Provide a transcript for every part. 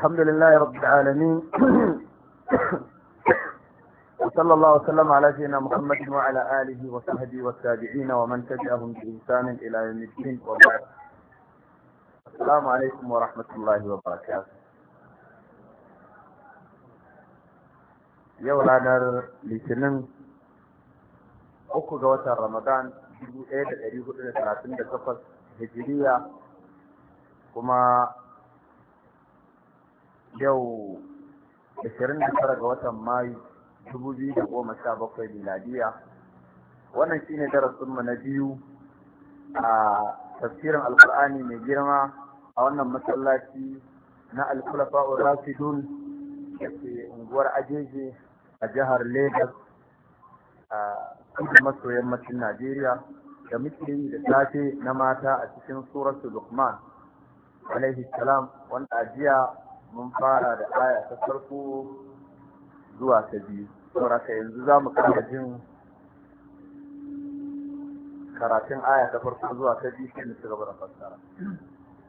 الحمد لله رب العالمين وصلى الله وسلم على سيدنا محمد وعلى آله وصحبه والتابعين ومن تبعهم بإحسان إلى يوم الدين وبعد السلام عليكم ورحمة الله وبركاته يوم لانر لتنم أكو جوات رمضان جبوا إيه الأريه 38 هجرية كما yau 29 ga watan mayu 2017 miladiya wannan shine darasinmu na biyu a tafsirin alkur'ani mai girma a wannan masallaci na alkulafa'ur rafidun da ke unguwar ajeje a jihar lagos a kudu maso yammacin najeriya da muke yi da safe na mata a cikin suratul lukman alaihi salam wanda a jiya mun fara da aya ta farko zuwa ta biyu sauraka yanzu za mu kara jin karatun aya ta farko zuwa ta biyu sai mu ci gaba da fassara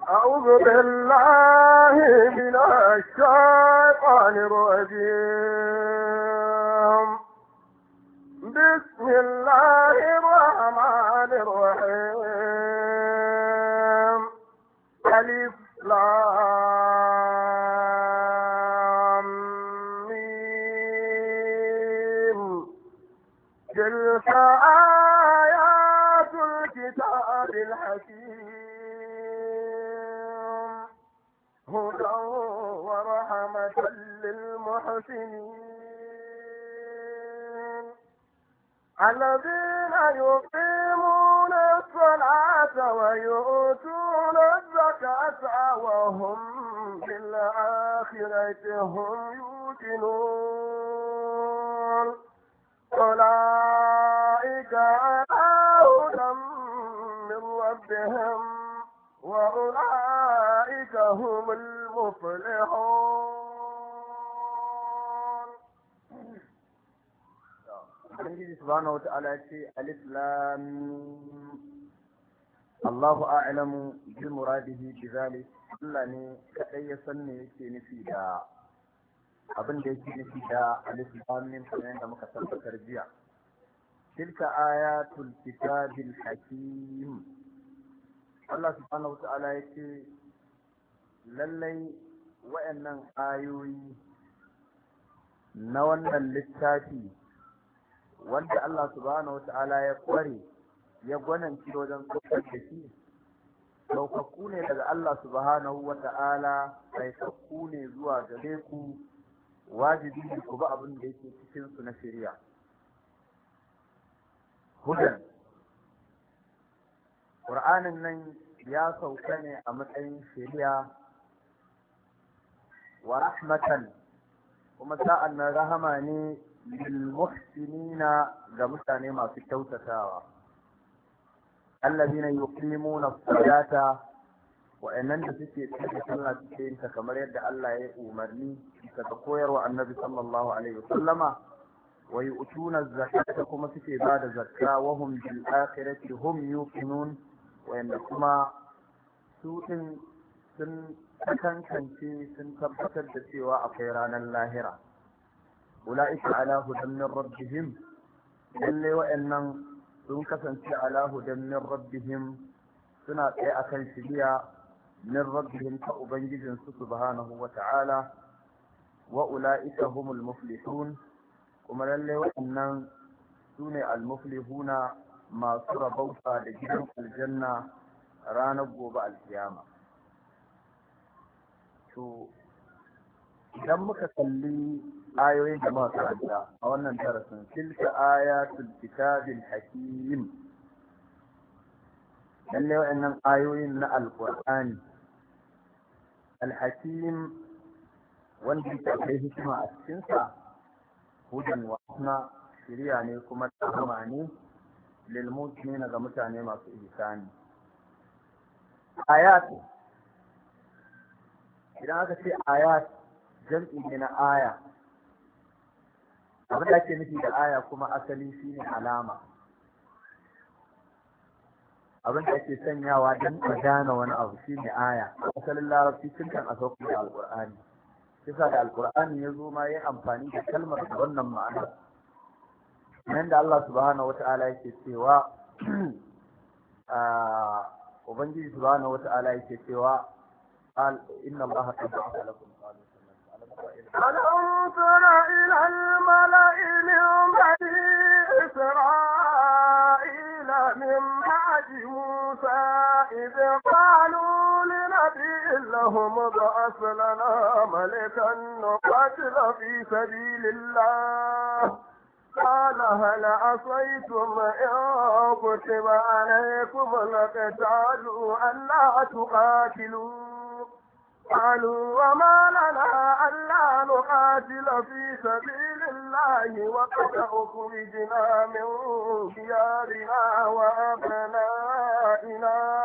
أعوذ بالله من الشيطان الرجيم بسم الله الرحمن الرحيم ألف المحسنين الذين يقيمون الصلاة ويؤتون الزكاة وهم بالآخرة هم يوقنون أولئك آهدى من ربهم وأولئك هم المفلحون ubangiji subhanahu wata'ala ya ce alif lam Allahu a'lamu bi muradihi bi zalik Allah ne kaɗai ya san me yake nufi da abin da yake nufi da alif lam mim kamar da muka tabbatar jiya tilka ayatul kitabil hakim Allah subhanahu wata'ala ya ce lallai wa'annan ayoyi na wannan littafi wanda Allah subhanahu wata'ala ya kware ya gwananci wajen tsokar da shi ne daga Allah subhanahu wata'ala ɗaukakku ne zuwa gare ku wajibi ne ku ba abin da yake cikin su na shari'a hudan Qur'anin nan ya sauka ne a matsayin shari'a wa rahmatan kuma sa'an na rahama ne للمحسنين غمساني ما في كوتتاوى الذين يقيمون الصلاة وإنن تسكي تسكي سنة تسكي كما يد الله يؤمرني تتقوير النبي صلى الله عليه وسلم ويؤتون الزكاة كما تسكي بعد زكاة وهم بالآخرة هم يوقنون وإنكما سوء sun kakankance sun tabbatar da cewa akwai ranar lahira أولئك على هدى من ربهم للي وإنهم sun kasance a hudan min rabbihim suna tsaye akan shiriya min rabbihim ta ubangijin su subhanahu wa ta'ala wa ula'ika humul muflihun kuma lalle waɗannan su ne almuflihuna masu rabauta da gidan aljanna ranar gobe alkiyama to idan muka kalli ayoyin da muka karanta a wannan darasin tilka ayatul kitabil hakim lalle wa'annan ayoyin na alqur'ani alhakim wanda yake kai hikima a cikin sa hudan wa hikma shiriya ne kuma tsama ne lil mu'minina ga mutane masu ihsani ayat idan aka ce ayat jam'i ne na aya abin da ake nufi da aya kuma asali shine alama abin da ake sanyawa don a gane wani abu shine aya asalin larabci tun kan a sauƙi da alƙur'ani kisa da alƙur'ani ya zo ma ya amfani da kalmar da wannan ma'ana nan da Allah subhanahu wata'ala yake cewa ah, ubangiji subhanahu wata'ala yake cewa inna Allah qad ba'atha lakum هل انظر إلى الملأ من بني إسرائيل من بعد قالوا لنبي لهم ابعث لنا ملكا نقتل في سبيل الله قال هل عصيتم إن كتب عليكم القتال ألا تقاتلوا قالوا وما لنا ألا نقاتل في سبيل الله وقد أخرجنا من ديارنا وأبنائنا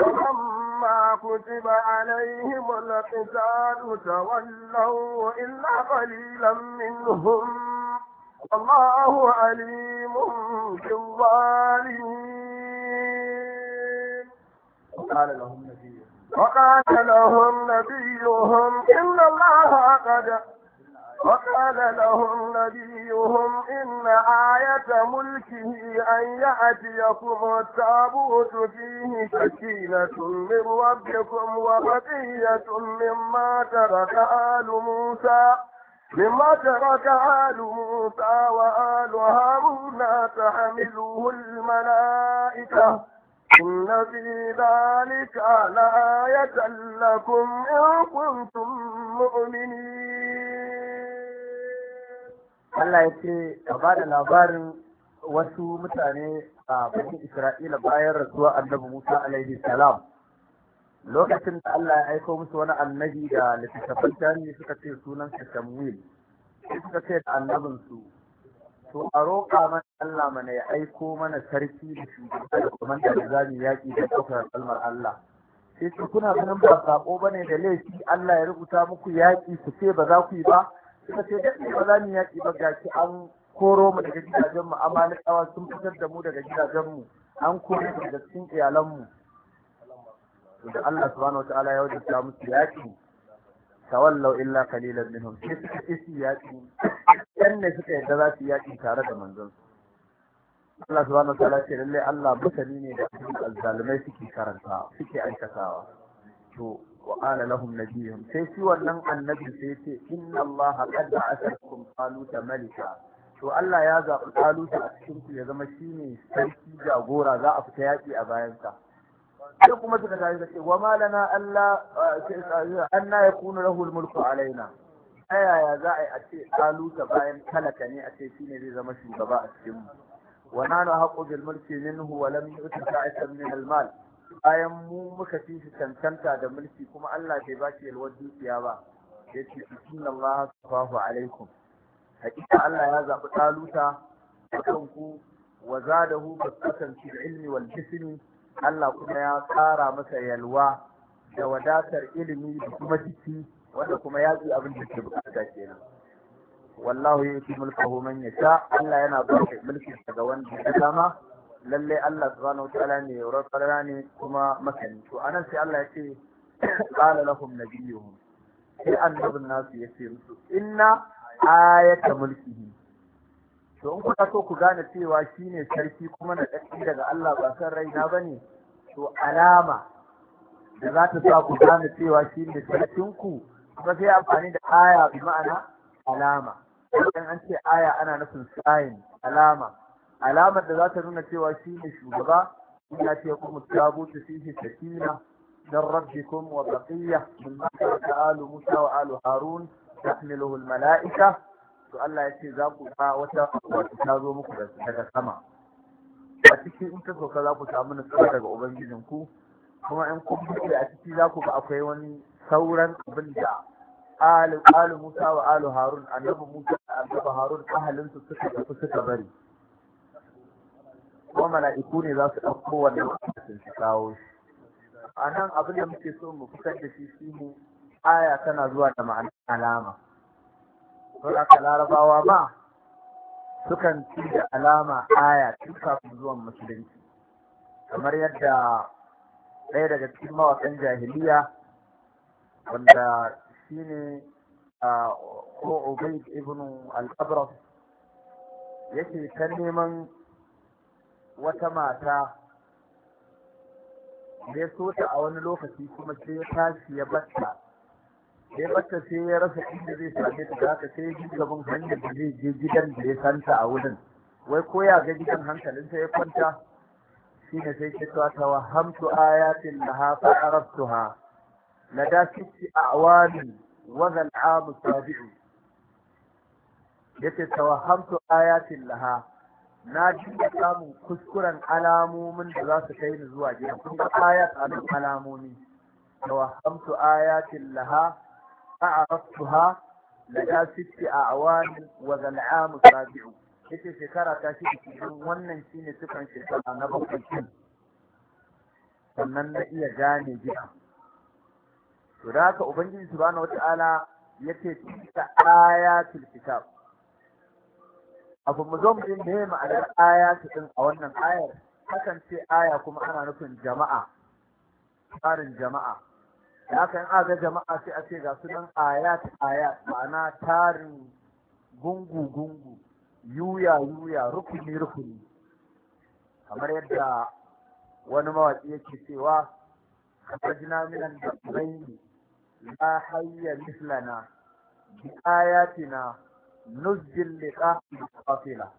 ولما كتب عليهم القتال تولوا إلا قليلا منهم والله عليم بالظالمين قال لهم نبي وقال لهم نبيهم إن الله قد وقال لهم نبيهم إن آية ملكه أن يأتيكم التابوت فيه سكينة من ربكم وبقية مما ترك آل موسى مما ترك آل موسى وآل هارون تحمله الملائكة إن في ذلك لآية لكم إن كنتم مؤمنين Allah ya ce a ba da labarin wasu mutane a bakin Isra'ila bayan rasuwa annabi Musa alaihi salam lokacin da Allah ya aiko musu wani annabi da littattafan tarihi suka ce sunan Samuel suka ce da annabinsu to a roƙa mana Allah mana ya aiko mana sarki da shugaba da kuma da mu yaƙi da kafar kalmar Allah sai su kuna ganin ba sako bane da laifi Allah ya rubuta muku yaƙi su ce ba za ku yi ba suka ce dan ba za mu yaƙi ba gashi an koro mu daga gidajen mu amalikawa sun fitar da mu daga gidajen mu an kore mu daga cikin iyalan mu da Allah subhanahu wataala ya wajabta musu yaƙi tawallau illa qalilan minhum sai suka isi yaki dan ne suka yadda za su yaki tare da manzon Allah subhanahu wataala ce lalle Allah mutane ne da azzalumai suke karanta suke aikatawa to wa qala lahum nabiyuhum sai shi wannan annabi sai ce inna Allah qad ba'athakum taluta malika to Allah ya zaɓi taluta a cikin ku ya zama shine sarki jagora za a fita yaki a bayansa sai kuma suka tafi da ce wa malana Allah ah, ya kuna lahu mulku alaina ta yaya za a yi a ce ɗaluta bayan talaka ne a ce shi ne zai zama shugaba a cikin mu wa nanu haqqu bil mulki minhu wa lam yu'ta sa'atan min al bayan mu muka fi shi cancanta da mulki kuma Allah bai ba shi yalwar dukiya ba yace inna Allah safahu alaikum hakika Allah ya zabi tsalusa? akan ku wa zadahu kasance ga ilmi wal jismi Allah kuma ya ƙara masa yalwa da wadatar ilimi da kuma jiki wanda kuma ya ji abin da ke bukata kenan wallahu ya mulka homan ya sha Allah yana ba mulkin daga wanda ya dama Lallai Allah su subhanahu tsala ne tsala ne kuma makani. to a nan sai Allah ya ce qala lahum biyu. sai annabin nasu ya ce musu inna ayata mulkihi to in kuka so ku gane cewa shine sarki kuma na ɗanki daga Allah ba san raina ba ne to alama da za ta sa ku gane cewa shine sarkinku kuma sai amfani da aya bi ma'ana alama idan an ce aya ana nufin sign alama alamar da za ta nuna cewa shine shugaba ina ce kuma tabutu fihi sakina من ربكم وبقية من مكرة آل موسى وآل هارون تحمله الملائكة to Allah ya ce za ku ga wata wata ta zo muku daga sama a cikin in ta sauka za ku samu nutsuwa daga ubangijin ku kuma in kun buɗe a ciki za ku ga akwai wani sauran abin da alu Musa wa alu Harun annabi Musa da annabi Harun ahalin su suka tafi suka bari kuma mala'iku ne za su ɗauko wannan sun su kawo shi a nan abin da muke so mu fitar da shi shi mu aya tana zuwa da ma'ana alama don larabawa ba sukan ci da alama aya tun kafin zuwan musulunci kamar yadda ɗaya daga cikin mawaƙan jahiliya wanda shi ne ko ubaid ibn al-abras yake ta neman wata mata da ya so ta a wani lokaci kuma sai ya tashi ya batta sai bata sai ya rasa inda zai same ta haka sai ya gaban hanyar da zai je gidan da ya santa a wurin wai ko ya ga gidan hankalin hankalinta ya kwanta Shi ne sai ke cewa tawahhamtu ayatin laha fa da lada ci a'wani wa wazan amu sabi'u yace tawahhamtu ayatin laha na dinga samun kuskuren alamomin da za su kai ni zuwa gidan kuma ayat alamomi tawahhamtu ayatin laha فعرفتها لدى ست أعوام وذا العام السابع ita shekara ta shi cikin wannan shi ne sukan na bakwai sannan na iya gane gida to da haka ubangiji subhanahu wata'ala ya ce tilka ayatul kitab abu mu zo mu din ma'anar ayatu ɗin a wannan ayar hakan ce aya kuma ana nufin jama'a tsarin jama'a da kan aga jama'a sai a ce ga sunan ayat ayat ma'ana tarin gungu gungu yuya yuya rukuni rukuni kamar yadda wani mawaƙi yake cewa jina minan da dabbaini la hayya mislana bi ayatina nuzjil liqa'i qafila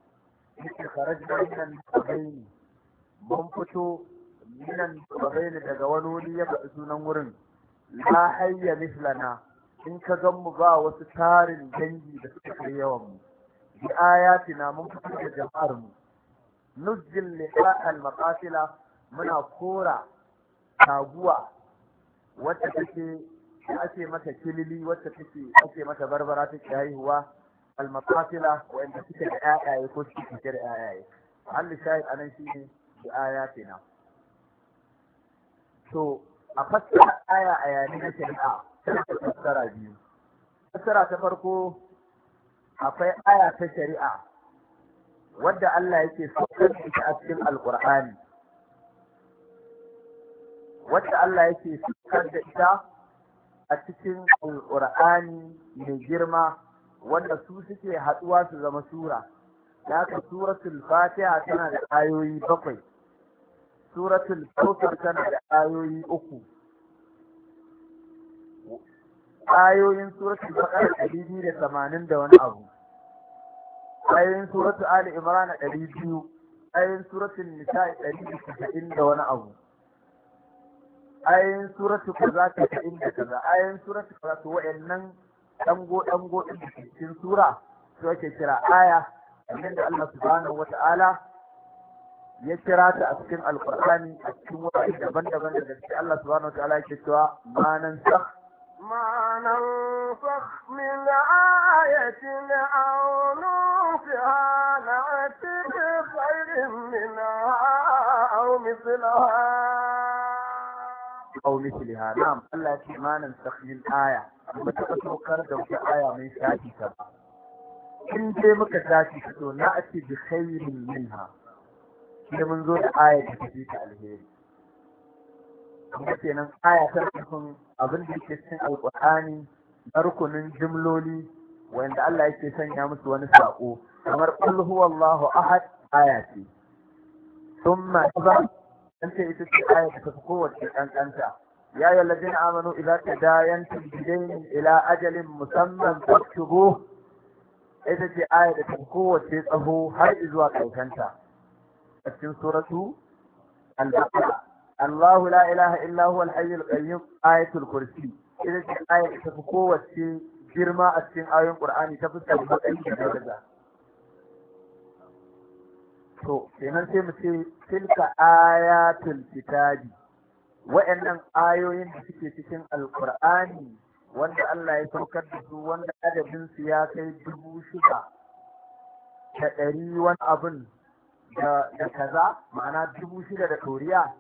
yake kharajna minan dabbaini mun fito minan dabbaini daga wani wuri ya faɗi sunan wurin la hayya mislana in ka gan mu ba wasu tarin dangi da suka kai yawan mu bi ayatina mun fitar da jama'ar mu nuzil liqa'al maqasila muna kora taguwa wacce take ake mata kilili wacce take ake mata barbara take haihuwa al maqasila inda suke da ayaye ko suke da ayaye halin shahid anan shine bi ayatina to a fassara aya a yayin na shari'a ta fassara biyu fassara ta farko akwai aya ta shari'a wadda Allah yake saukar da ita a cikin alqur'ani wadda Allah yake saukar da ita a cikin alqur'ani mai girma wanda su suke haɗuwa su zama sura da haka suratul fatiha tana da ayoyi bakwai suratul kawthar tana da ayoyi uku ayoyin suratul baqara ɗari biyu da tamanin da wani abu ayoyin suratul ali imran ɗari biyu ayoyin suratul nisa ɗari da casa'in da wani abu ayoyin suratu kaza casa'in da kaza ayoyin suratu kaza to wa'annan dango dango ɗin cikin sura su ake kira aya kamar da Allah subhanahu wata'ala ya kira ta a cikin alkur'ani a cikin wurare daban-daban da gaske Allah subhanahu wa ta'ala yake cewa ma nan sakh ma nan sakh min ayatin aw nufiha na'ti bi khairin minha aw mithlaha aw mithlaha na'am Allah yake ma nan sakh min aya ba ta saukar da wata aya mai shafi ta in dai muka tashi to na'ti bi khairin minha sai mun zo da aya da ta ta alheri kuma kenan aya ta nufin abin da yake cikin alƙur'ani na rukunin jimloli wanda Allah yake sanya musu wani saƙo kamar qul huwallahu ahad aya ce thumma kaza an ce ita ce aya da tafi kowace kankanta يا أيها الذين آمنوا ila ajalin musamman إلى أجل Ita ce إذا ta آية القوة tsaho har izuwa ƙaukanta. a cikin suratu al-baqara Allahu la ilaha illa huwa al-hayyul qayyum ayatul kursi ita ce ayar ta fi kowace girma a cikin ayoyin Qur'ani ta fuskar matsayi da daraja to kenan sai mu ce tilka ayatul kitabi wa'annan ayoyin da suke cikin alqur'ani wanda Allah ya saukar da su wanda adabinsu ya kai dubu shida da ɗari wani abin da kaza ma'ana dubu shida da koriya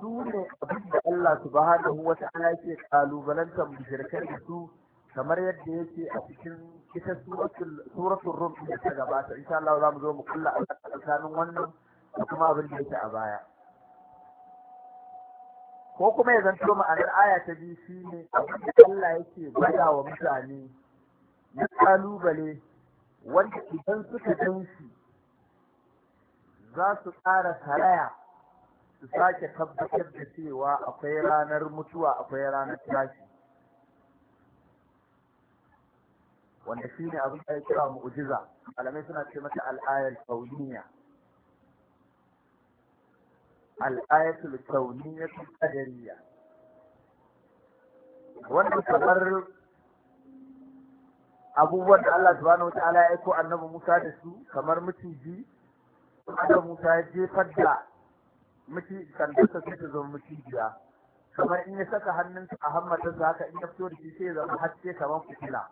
su ne abin da Allah huwa ta ana yake kalubalantar mushrikai da su kamar yadda yake a cikin ita suratun rum da ta gabata insha Allah za mu zo mu kulla a tsakanin wannan da kuma abin da yake a baya ko kuma ya zanto ma'anar aya ta biyu shine abin da Allah yake bada wa mutane na kalubale wanda idan suka gan shi za su ƙara karaya su sake tabbatar da cewa akwai ranar mutuwa akwai ranar tashi wanda shi ne abin da ya kira mu'ujiza alamai suna ce mata al'ayar kauniya al'ayar kauniya ta kadariya wanda kamar abubuwan da Allah subhanahu wataala ya aiko annabi Musa da su kamar miciji annabi Musa ya jefar da miciji sandarsa sai ta zama micijiya kamar in ya saka hannunsa a hammatarsa haka in ya fito da shi sai ya zama haske kamar fitila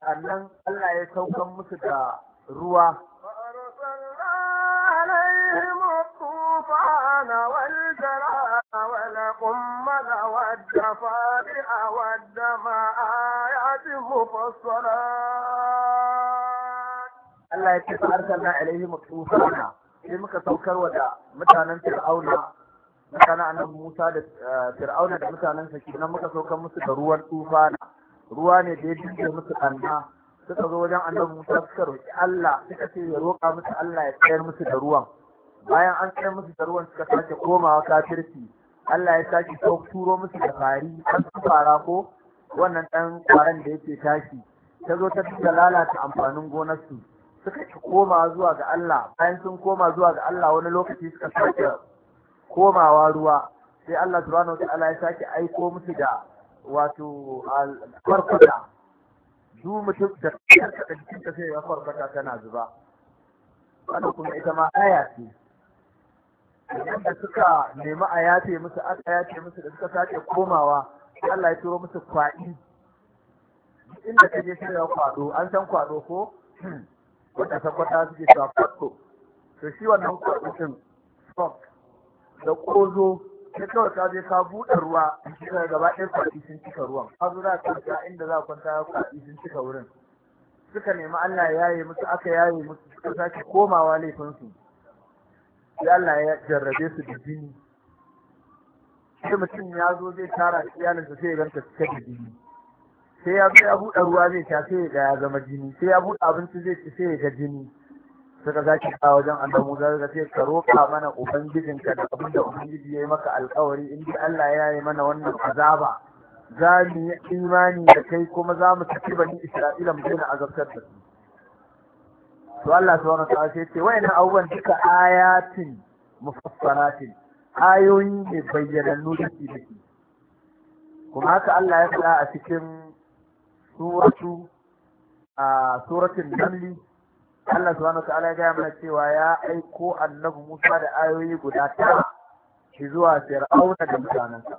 sannan Allah ya saukan musu da ruwa والجرى والقمل والجفارع والدماء ce ta الله يكفى أرسلنا إليه مكتوفانا sai muka saukar da mutanen fir'auna mutanen annabi Musa da fir'auna da mutanen saki. Nan muka saukar musu da ruwan tufana ruwa ne da ya dinke musu kanna suka zo wajen annabi Musa suka roƙi Allah suka ce ya roƙa musu Allah ya tsayar musu da ruwan bayan an tsayar musu da ruwan suka sake komawa kafirci Allah ya sake turo musu da fari an fara ko wannan ɗan ƙwarar da yake tashi ta zo ta fita lalata amfanin gonarsu suka ci koma zuwa ga Allah bayan sun koma zuwa ga Allah wani lokaci suka sake komawa ruwa sai Allah subhanahu wataala ya sake aiko musu da wato farfata du mutum da ta jikin ta sai ya farfata tana zuba wannan kuma ita ma aya ce idan da suka nemi a yafe musu aka yafe musu da suka sake komawa Allah ya turo musu kwaɗi inda ka je shirya kwaɗo an san kwaɗo ko wata sakwata suke cewa kwaɗo to shi wannan kwaɗo ɗin da ƙozo sai kawai ka je ka buɗe ruwa daga gaba ɗaya kwaɗi sun cika ruwan ka zo za ka ta inda za ka kwanta kwaɗi sun cika wurin suka nemi Allah ya yaye musu aka yaye musu suka sake komawa laifinsu sai Allah ya jarrabe su da jini sai mutum ya zo zai tara iyalinsa sai ya ganta cike da jini sai ya zo ya buɗe ruwa zai ta sai ya ga zama jini sai ya buɗe abinci zai ci sai ya ga jini suka za ki kawo wajen annabi Musa ga sai ka roƙa mana ka da abin da ubangiji ya yi maka alƙawari in dai Allah ya yi mana wannan azaba za mu yi imani da kai kuma za mu tafi bani Isra'ila mu daina azabtar da su to Allah subhanahu wa ta'ala sai ce wayannan abubuwan duka ayatin mufassaratin ayoyi ne bayyanannu da ke dake kuma haka Allah ya faɗa a cikin suratu a suratul namli Allah subhanahu wataala ya gaya mana cewa ya aiko annabi Musa da ayoyi guda tara zuwa Fir'auna da mutanensa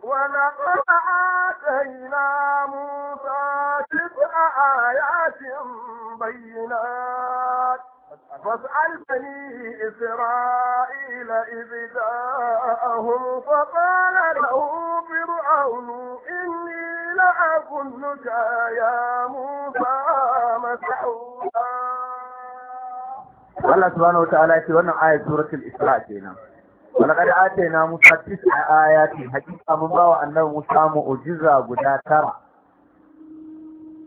ولقد آتينا a تسع آيات بينات واسأل بني إسرائيل إذ جاءهم فقال له فرعون إني لأظنك يا موسى مسحورا Allah subhanahu wataala ya ce wannan ayat suratul Isra kenan. Wala qad na Musa tis'a ayati hakika mun bawa annabi Musa mu'jiza guda tara.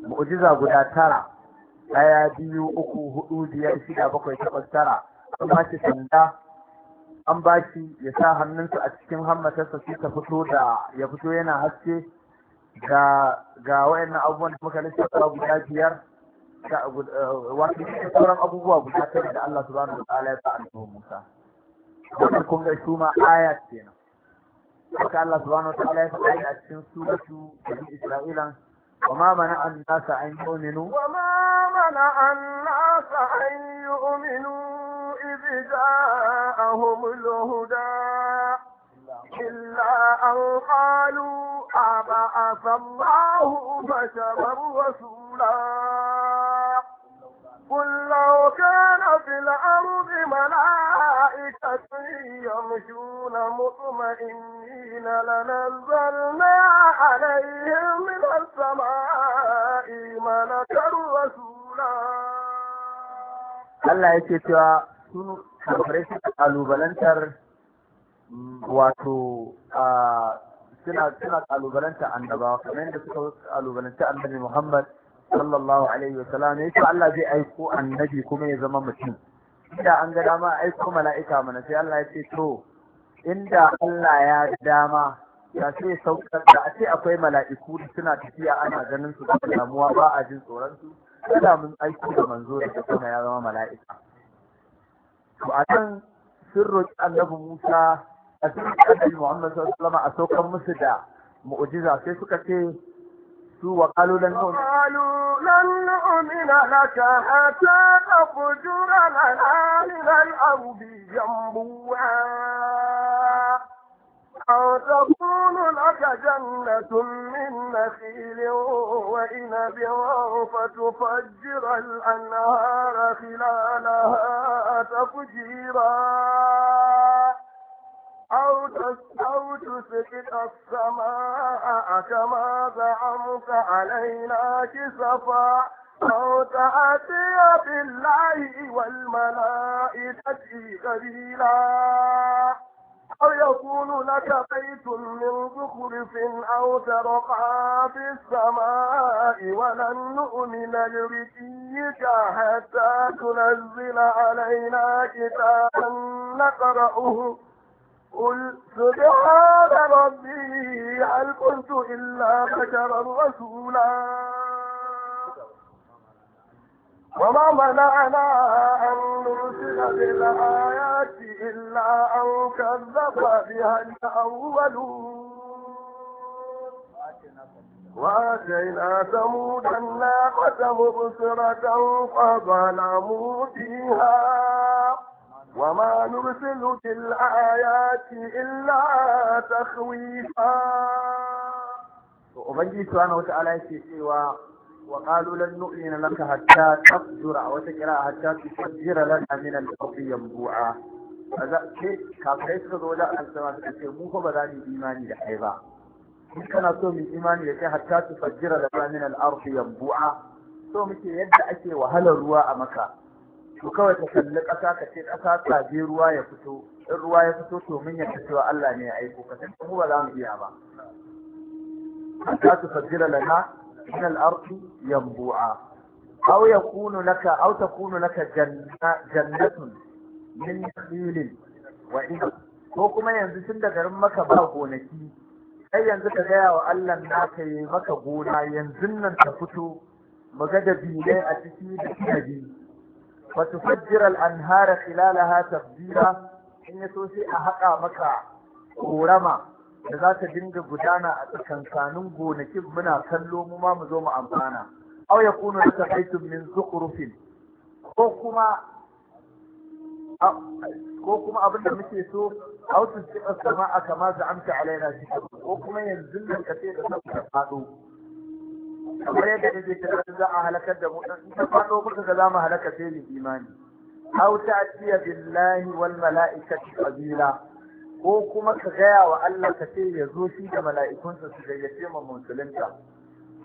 Mu'jiza guda tara daya biyu uku hudu biyar shida bakwai takwas tara an ba shi sanda an ba shi ya sa hannunsa a cikin hammatarsa sai ta fito da ya fito yana haske ga ga wayannan abubuwan da muka lissafa guda biyar eh, wato sauran abubuwa guda tara da Allah subhanahu wa ta'ala ya sa annabi Musa wannan kun ga su ma aya kenan haka Allah subhanahu wa ta'ala ya faɗa a cikin Isra'ila? Bani mana an nasa an أن يؤمنوا وما منع الناس أن يؤمنوا إذ جاءهم الهدى إلا أن قالوا أبعث الله بشرا رسولا قل لو كان في الأرض ملائكة يمشون مطمئنين لنزلنا عليهم من السماء ملكا رسولا Allah ce cewa sun kafirai a kalubalantar wato suna suna kalubalanta annabawa kamar yadda suka kalubalanta annabi Muhammad sallallahu alaihi wa sallam ce Allah zai aiko annabi kuma ya zama mutum inda an ga dama aiko mala'ika mana sai Allah ya ce to inda Allah ya dama ya ce saukar da a ce akwai mala'iku suna tafiya ana ganin su da damuwa ba a jin tsoron su Yana mun aiki da manzo da sama ya zama mala'ika to a nan sirrin annabi Musa a sirrin annabi Muhammad sallallahu alaihi wasallam a saukar musu da mu'jiza sai suka ce su wa qalu lan nu'mina laka hatta tafjura lana min al-ardi yanbu'a أو تكون لك جنة من نخيل وإنب فتفجر الأنهار خلالها تفجيرا أو أو تسقط السماء كما زعمت علينا كسفا أو تأتي بالله والملائكة قليلا أو يكون لك بيت من زخرف أو ترقى في السماء ولن نؤمن لرجيك حتى تنزل علينا كتابا نقرأه قل سبحان ربي هل كنت إلا بشرا رسولا وما منعنا أن نرسل بالآيات إلا أن كذب بها الأولون وآتينا ثمود الناقة مبصرة فظلموا فيها وما نرسل بالآيات إلا تخويفا وبنجي سبحانه وتعالى يسير وقالوا لن نؤمن لك حتى تفجر أو تقرا حتى تفجر لنا من الأرض ينبوعا kaza ke kai suka zo wajen alsama suka ce mu fa ba za mu imani da kai ba in kana so mu imani da kai hatta tu fajjira lana min al-ardi yanbu'a so muke yadda ake wahalar ruwa a maka to kawai ka kalli ƙasa ka ce ƙasa ta je ruwa ya fito in ruwa ya fito to mun yadda cewa Allah ne ya aiko ka san mu ba za mu iya ba hatta tu fajjira lana من الأرض ينبوعا أو يكون لك أو تكون لك جنة, جنة من نخيل وعنب ko kuma yanzu tun da garin maka ba gonaki sai yanzu ka gaya wa Allah na ka maka gona yanzu nan ta fito mu ga da bilai a ciki da kinabi fa tufajjira al-anhara khilalaha tabdila in yaso sai a haƙa maka korama da za ta dinga gudana a tsakankanin gonakin muna kallo mu ma mu zo mu amfana aw yakunu laka baytun min zukhrufin ko kuma ko kuma abin da muke so aw tusqiqa samaa kama za'amta alaina shi ko kuma yanzu nan ka ce da sabta fado kamar yadda kake tunanin za a halakar da mu in ta fado muka ga za mu halaka sai imani aw ta'tiya billahi wal mala'ikati qabila ko kuma ka gaya wa Allah ka ce ya zo shi da mala'ikunsa su gayyace mu musulunta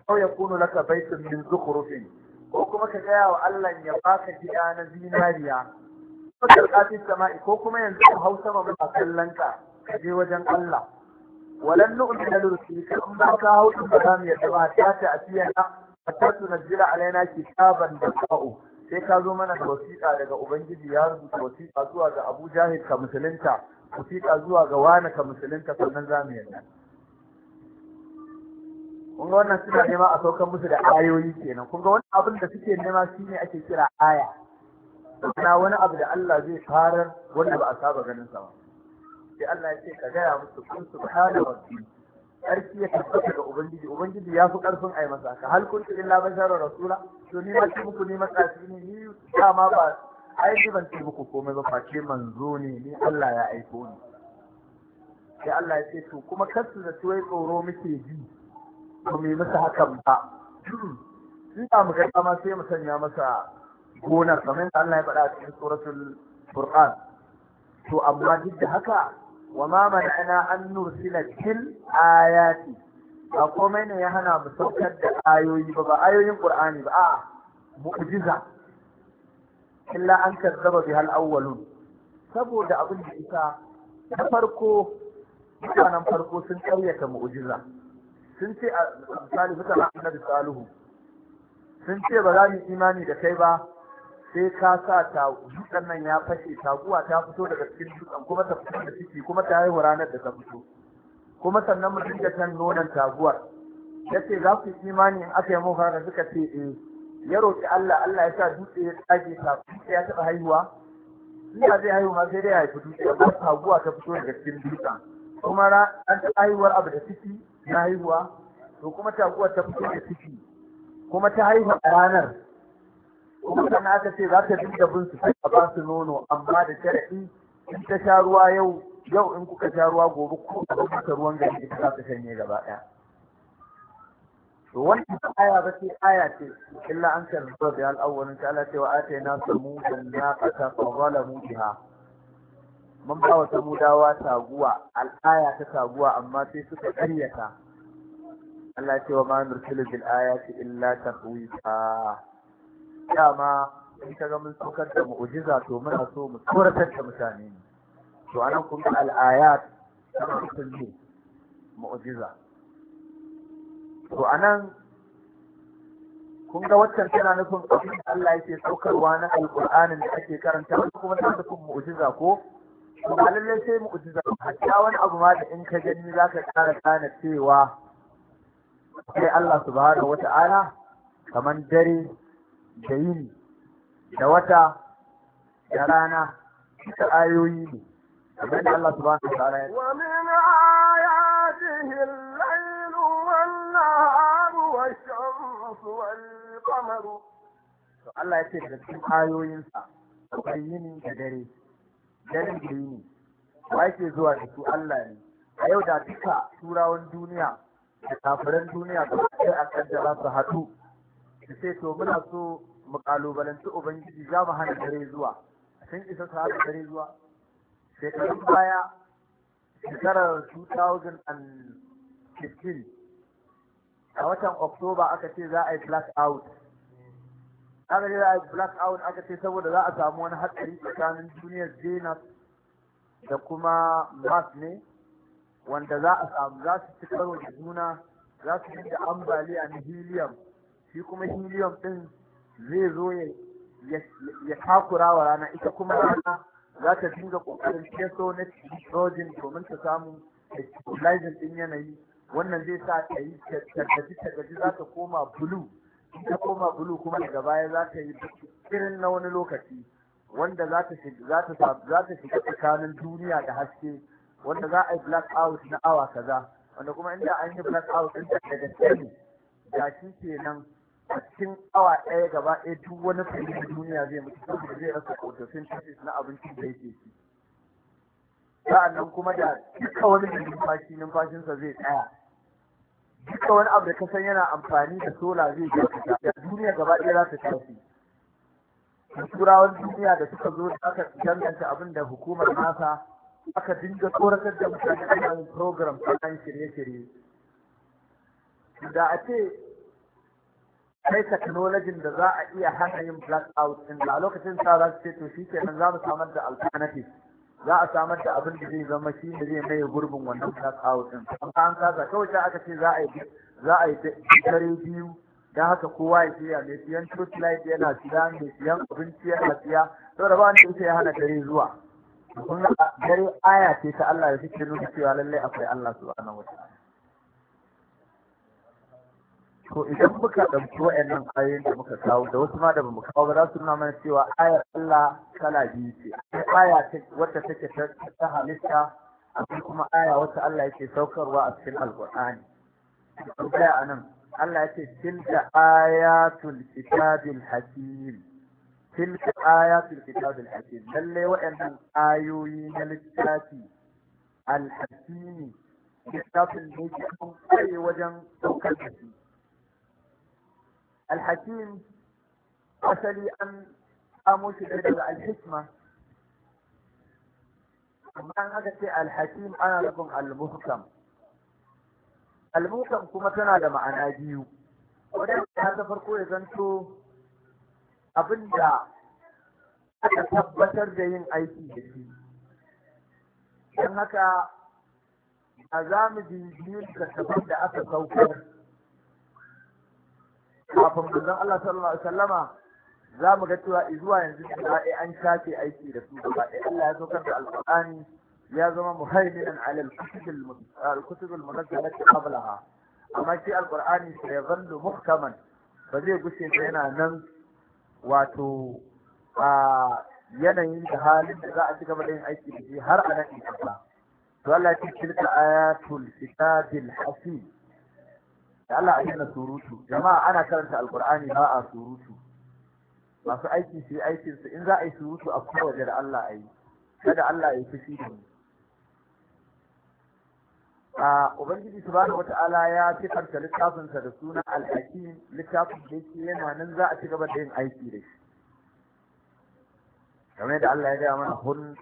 ko ya kunu laka baitun min zukhrufin ko kuma ka gaya wa Allah ya baka gida na zinariya ko ka kafi sama'i ko kuma yanzu ka hausa ma muna kallon ka je wajen Allah walan nu'mina lirrusul kuma ka hausa ba za mu yadda ba ta ta na hatta tunzila alaina kitaban da ka'u sai ka zo mana da wasiƙa daga ubangiji ya rubuta wasiƙa zuwa ga abu jahil ka musulunta wasiƙa zuwa ga wani ka ka sannan za mu yarda kun ga wannan suna nema a saukan musu da ayoyi kenan kun ga wani abin da suke nema shine ake kira aya na wani abu da Allah zai farar wanda ba a saba ganin sa ba sai Allah ya ce ka gaya musu kun subhana rabbi sarki ya tabbata ga ubangiji ubangiji ya fi karfin yi masa ka hal kuntu illa bashara rasula to ni ma shi muku ni matsafi ne ni dama ba ai shi ban ce muku komai ba face manzo ne ni Allah ya aiko ni sai Allah ya ce to kuma kasu da tuwai tsoro muke ji to me musu hakan ba sun ta mu ga sai mu sanya masa gona kamar da Allah ya faɗa a cikin suratul Qur'an to amma duk da haka wa ma mana'ana an nursila til ayati ba komai ne ya hana mu saukar da ayoyi ba ba ayoyin Qur'ani ba a'a mu'jiza illa an kazzaba bi hal awwalun saboda abin da isa na farko mutanen farko sun ƙaryata mu'jiza sun ce a misali na annabi salihu sun ce ba za mu imani da kai ba sai ka sa ta dutsen nan ya fashe taguwa ta fito daga cikin dutsen kuma ta fito da ciki kuma ta haihu ranar da ta fito kuma sannan mu dinga kan nonon taguwar yace za ku imani in aka yi mu fara suka ce eh ya roƙi Allah Allah ya sa dutse ya tsage ta, dutse ya taɓa haihuwa ina zai haihu ma sai dai ya haifi dutse amma taguwa ta fito daga cikin dutsen kuma an taɓa haihuwar abu da ciki na haihuwa to kuma taguwar ta fito da ciki kuma ta haihu a ranar kuma sannan aka ce za ta dinga bin su a ba su nono amma da sharaɗi in ta sha ruwa yau yau in kuka sha ruwa gobe ko a ruwan gari ita za ta shanye gaba ɗaya to wannan aya ba ce aya ce illa an karanta da al'awwalin ta Allah cewa atayna na naqata fa zalamu biha mun ba wa samudawa taguwa al'aya ta taguwa amma sai suka karyata Allah cewa ma nursilu bil ayati illa tahwifa ma in kaga mun saukar da mu'jiza to muna so mu tsoratar da mutane ne to anan kuma kun ga al'ayat tana mu'jiza to a nan, kun ga waccan tana nufin abin da Allah yake saukarwa na alƙur'anin da ake karanta wata kuma ta nufin mu'ujiza ko to ba lallai sai mu'ujiza hatta wani abu ma da in ka gani za ka ƙara gane cewa sai Allah subhanahu wata'ala kamar dare da yini da wata da rana duka ayoyi ne kamar da Allah subhanahu wata'ala ya والشمس والقمر Allah ya ce daga cikin ayoyinsa yini da dare, dare da yini, wa yake zuwa da su Allah ne. A yau da duka turawan duniya da kafiran duniya da kai a za su haɗu, su ce to muna so mu kalubalanci Ubangiji za mu hana dare zuwa. Sun isa su hana dare zuwa. Shekarun baya, shekarar 2015 a watan oktoba aka ce za a yi black out aka ce za a yi black out aka ce saboda za a samu wani hatsari tsakanin junior zenith da kuma mass ne wanda za a samu za su ci karo da juna za su yi da ambaliya na helium shi kuma helium din zai zo ya takura wa rana ita kuma rana za ta dinga kokarin feso na nitrogen domin ta samu laifin din yanayi wannan zai sa ta yi tagaji tagaji za ta koma bulu ta koma bulu kuma daga baya za ta yi irin na wani lokaci wanda za ta shiga tsakanin duniya da haske wanda za a yi black out na awa kaza wanda kuma inda an yi black out din da daga sani da shi kenan a cikin awa ɗaya gaba ɗaya duk wani fili na duniya zai mutu saboda zai rasa tafis na abincin da yake a nan kuma da duka wani da numfashi numfashinsa zai tsaya duka wani abu da ka san yana amfani da sola zai ga da duniya gaba ɗaya za ta tashi turawan duniya da suka zo da aka danganta abin da hukumar nasa aka dinga tsoratar da mutane a yin program kan shirye-shirye da a ce kai teknolojin da za a iya hana yin blackout out da a lokacin sa za su ce to shi kenan za mu samar da alternative za a samar da abin da zai zama shi ne zai maye gurbin wannan black out din amma an kasa kawai sai aka ce za a yi za a yi dare biyu dan haka kowa ya siya mai siyan truth light yana siya mai siyan abinci yana siya saboda ba wanda yake hana dare zuwa kun ga dare aya ce ta Allah da take nuna cewa lallai akwai Allah subhanahu wa ta'ala to idan muka ɗauki wa'annan ayoyin da muka kawo da wasu ma da bamu kawo ba za su nuna mana cewa ayar Allah kala biyu ce aya wacce take ta halitta akwai kuma aya wacce Allah yake saukarwa a cikin alqur'ani tambaya anan Allah yake tilka ayatul kitabil hakim tilka ayatul kitabil hakim lalle wa'annan ayoyi na littafi al-hakimi littafin ne ke kai wajen saukar da alhakim asali an samo shi daga alhikma amma an ce alhakim ana nufin almuhkam almuhkam kuma tana da ma'ana biyu wadanda ta farko ya zanto abinda aka tabbatar da yin aiki da shi don haka a za mu bibiyu da da aka sauko. kafin manzon Allah sallallahu alaihi wasallama za mu ga cewa zuwa yanzu gaba ɗaya an shafe aiki da su ba ɗaya Allah ya saukar da Alkur'ani ya zama muhaiminan ala al-kutub al-munazzalati qablaha amma shi Alkur'ani sai ya zallu muhkaman ba zai gushe yana nan wato a yanayin da halin da za a ci gaba da yin aiki da shi har a nan isa to Allah ya ce tilka ayatul kitabil hakim da Allah a gina surutu jama'a ana karanta alkur'ani ba a surutu masu aiki su yi aikin su in za a yi surutu a kowace da Allah a yi kada Allah ya yi fushi da mu a ubangiji subhanahu wata'ala ya fitarta littafin sa da suna al-hakim littafin da yake yana nan za a ci gaba da yin aiki da shi kamar da Allah ya gaya mana hun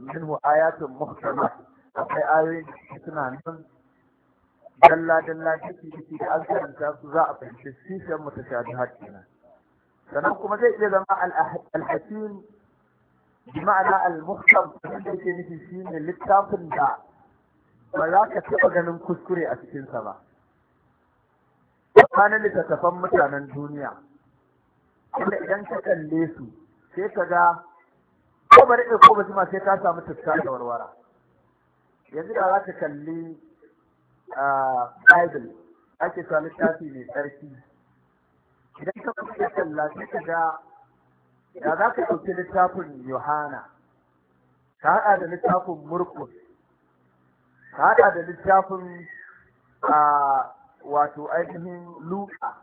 minhu ayatun muhkamat akwai ayoyin suna nan dalla dalla ciki ciki da an karanta su za a fahimci shishan mutashabihat kenan sannan kuma zai iya zama al-hakim bi ma'ana al-muhkam da yake nufi ne littafin da ba za ka taɓa ganin kuskure a cikinsa ba tsakanin littattafan mutanen duniya Kuma idan ka kalle su sai ka ga ko ba ko ba sai ka samu tafka da warwara yanzu da za ka kalli Bible ake sa littafi mai tsarki idan ka kuma ya kalla sai ka ga da za ka ɗauki littafin Yohana ka haɗa da littafin Murkus ka haɗa da littafin wato ainihin Luka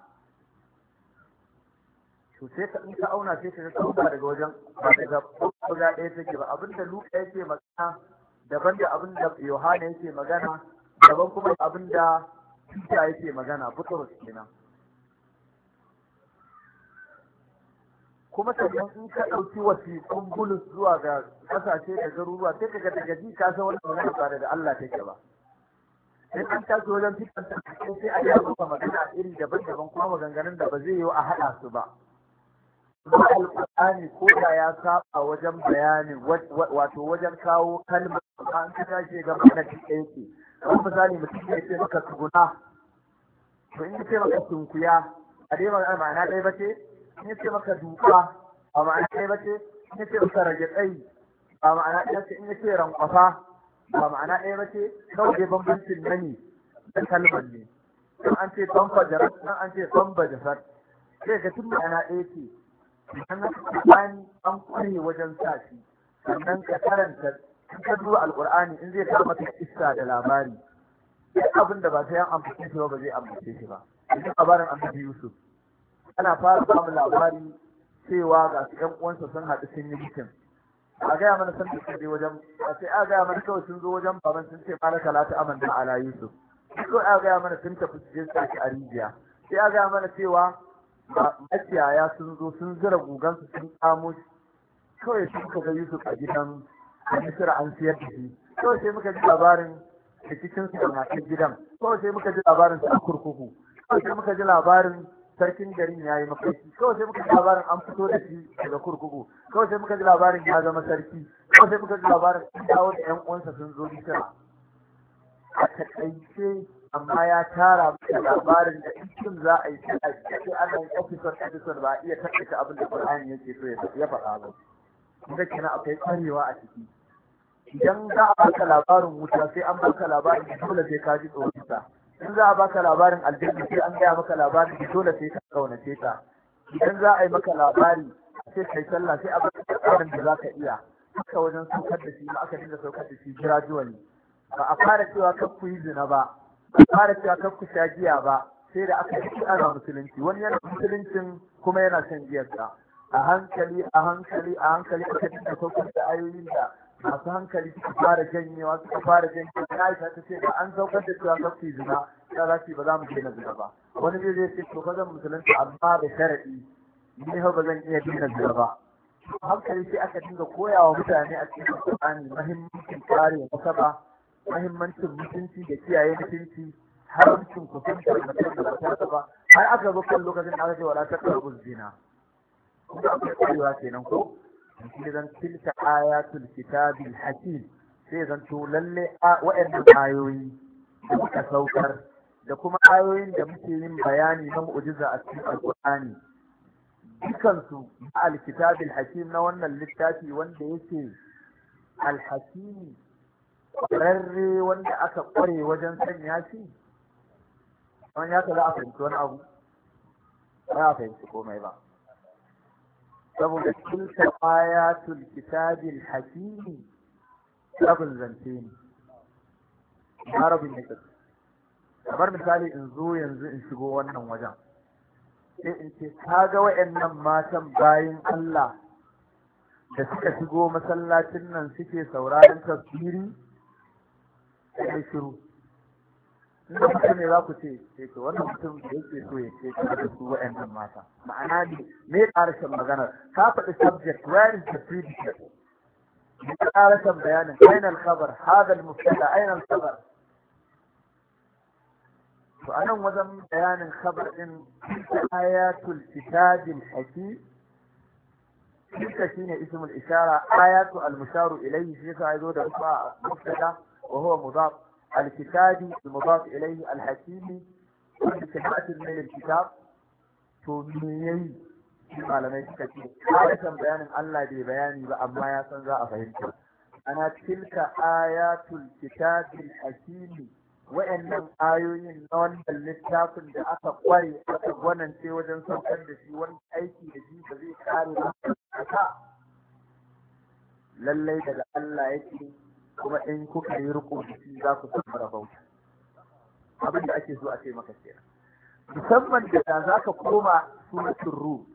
to sai ka in ka auna sai ka ga ba daga wajen ba daga guda ɗaya take ba abinda Luka yake magana daban da abinda Yohana yake magana daban kuma abin da tuta yake magana fitrus kenan kuma sannan in ka ɗauki wasiƙun bulus zuwa ga ƙasashe da garuruwa sai kaga daga ji ka san wannan magana da Allah take ba in an tashi wajen fitan ta sai a yi magana iri daban-daban kuma maganganun da ba zai yi a haɗa su ba ba alƙur'ani ko da ya saba wajen bayani wato wajen kawo kalmar an ka tashi ga magana ta kamar misali mutum ya ce maka tuguna, to in ce maka sunkuya a dai ma'ana ɗaya ba ce in ya ce maka duka a ma'ana ɗaya ba ce in ya ce maka rage tsayi a ma'ana ɗaya ce in ya ce rankwafa a ma'ana ɗaya ba ce kawai dai bambancin nani da kalmar ne in an ce bamba jarar in an ce bamba jasar sai ga tun ma'ana ɗaya ce sannan an kware wajen sa shi sannan ka karanta in ka duba alqur'ani in zai kawo maka isa da labari duk abin da ba sai an ambace shi ba ba zai ambace shi ba yanzu labarin annabi Yusuf ana fara samun labari cewa ga su uwansa sun haɗu sun yi bikin a gaya mana san da je wajen a sai a gaya mana kawai sun zo wajen baban sun ce malaka la ta amanna ala Yusuf kawai a gaya mana sun tafi su je su a rijiya sai a gaya mana cewa makiyaya sun zo sun zira gugansu sun kamo kawai sun kaga Yusuf a gidan a misira an siyar da shi kawai sai muka ji labarin rikicin su da masu gidan kawai sai muka ji labarin su a kurkuku kawai sai muka ji labarin sarkin garin ya yi mafarki kawai sai muka ji labarin an fito da shi daga kurkuku kawai sai muka ji labarin ya zama sarki kawai sai muka ji labarin an dawo da yan uwansa sun zo bishira a takaice amma ya tara da labarin da cikin za a yi ta a cikin ana yin ofisar ofisar ba a iya tattaka abin da Qur'ani yake so ya faɗa ba. kuma kina akwai kwarewa a ciki idan za a baka labarin wuta sai an baka labarin da dole sai ka ji tsoron idan in za a baka labarin aljanna sai an gaya maka labarin da dole sai ka kaunace ta idan za a yi maka labari sai kai sallah sai a baka labarin da za ka iya haka wajen saukar da shi ma aka dinga saukar da shi gradually ba a fara cewa kar ku yi zina ba ba a fara cewa kar ku sha giya ba sai da aka yi ana musulunci wani yana musuluncin kuma yana shan giyarsa a hankali a hankali a hankali aka dinga saukar da ayoyin da masu hankali suka fara janyewa suka fara janyewa na aisha ta ce ba an saukar da cewa kafi zina ya za ba za mu daina zina ba wani zai zai ce to fa zan musulunta amma da sharaɗi ni ha ba zan iya daina zina ba hankali sai aka dinga koyawa mutane a cikin Qur'ani muhimmancin kare nasaba muhimmancin mutunci da kiyaye mutunci haramcin kusantar mutum da ba har aka zo kan lokacin da aka ce wala taqrabu zina kuma akwai kwarewa kenan ko shi zan tilka ayatul kitabil hakim sai zan to lalle waɗannan ayoyi da muka saukar da kuma ayoyin da muke yin bayani na mu'jiza a cikin alqur'ani dukansu al kitabil hakim na wannan littafi wanda yake al hakimi ƙwararre wanda aka ƙware wajen sanya shi Wani ya ka za a fahimci wani abu ba a fahimci komai ba saboda tilka kwaya kitabil hakimi rabin zance ne na rabin ne kamar misali in zo yanzu in shigo wannan wajen sai in ce ka ga wa'annan matan bayan Allah da suka shigo masallacin nan suke sauraron tasiri sai shiru na mutum ne za ku ce sai to wannan mutum da yake so ya ce ka da su wa'annan mata ma'ana ne me ƙarshen maganar ka faɗi subject where is the predicate me ƙarshen bayanin aina al-khabar hada al-mubtada aina al-khabar to anan wajen bayanin khabar din ayatul kitabil hakim تلك شين اسم الإشارة آيات المشار إليه شيخ عيدو دفع مبتدا وهو مضاف الكتابي المضاف إليه الحكيمي كل كلمات من الكتاب توميي malamai suka ce ayatan bayanin Allah bai bayani ba amma ya san za a fahimta ana tilka ayatul kitabil hakimi wa'annan ayoyin na wannan littafin da aka kware aka gwanance wajen saukar da shi wani aiki da shi zai kare ba lallai daga Allah yake kuma in kuka yi riko da shi za ku samu rabauta abin da ake so a ce maka kenan musamman da za ka koma suratul rum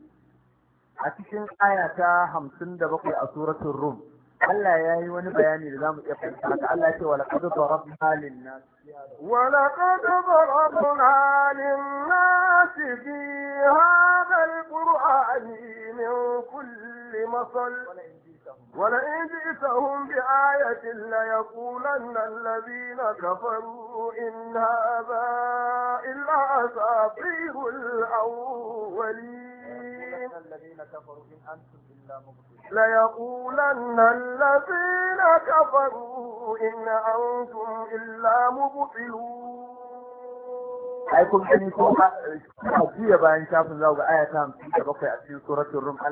a cikin aya ta hamsin da bakwai a suratul rum Allah ya yi wani bayani da za zamu iya fahimta haka Allah ya ce wala qad darabna lin nas wala fi hadha al min kulli masal ولئن جئتهم بآية ليقولن الذين كفروا إن هذا إلا أساطير الأولين إن أنتم إلا ليقولن الذين كفروا إن أنتم إلا مبطلون أيكم kun gani ko a jiya bayan shafin zaku ga aya ta 57 a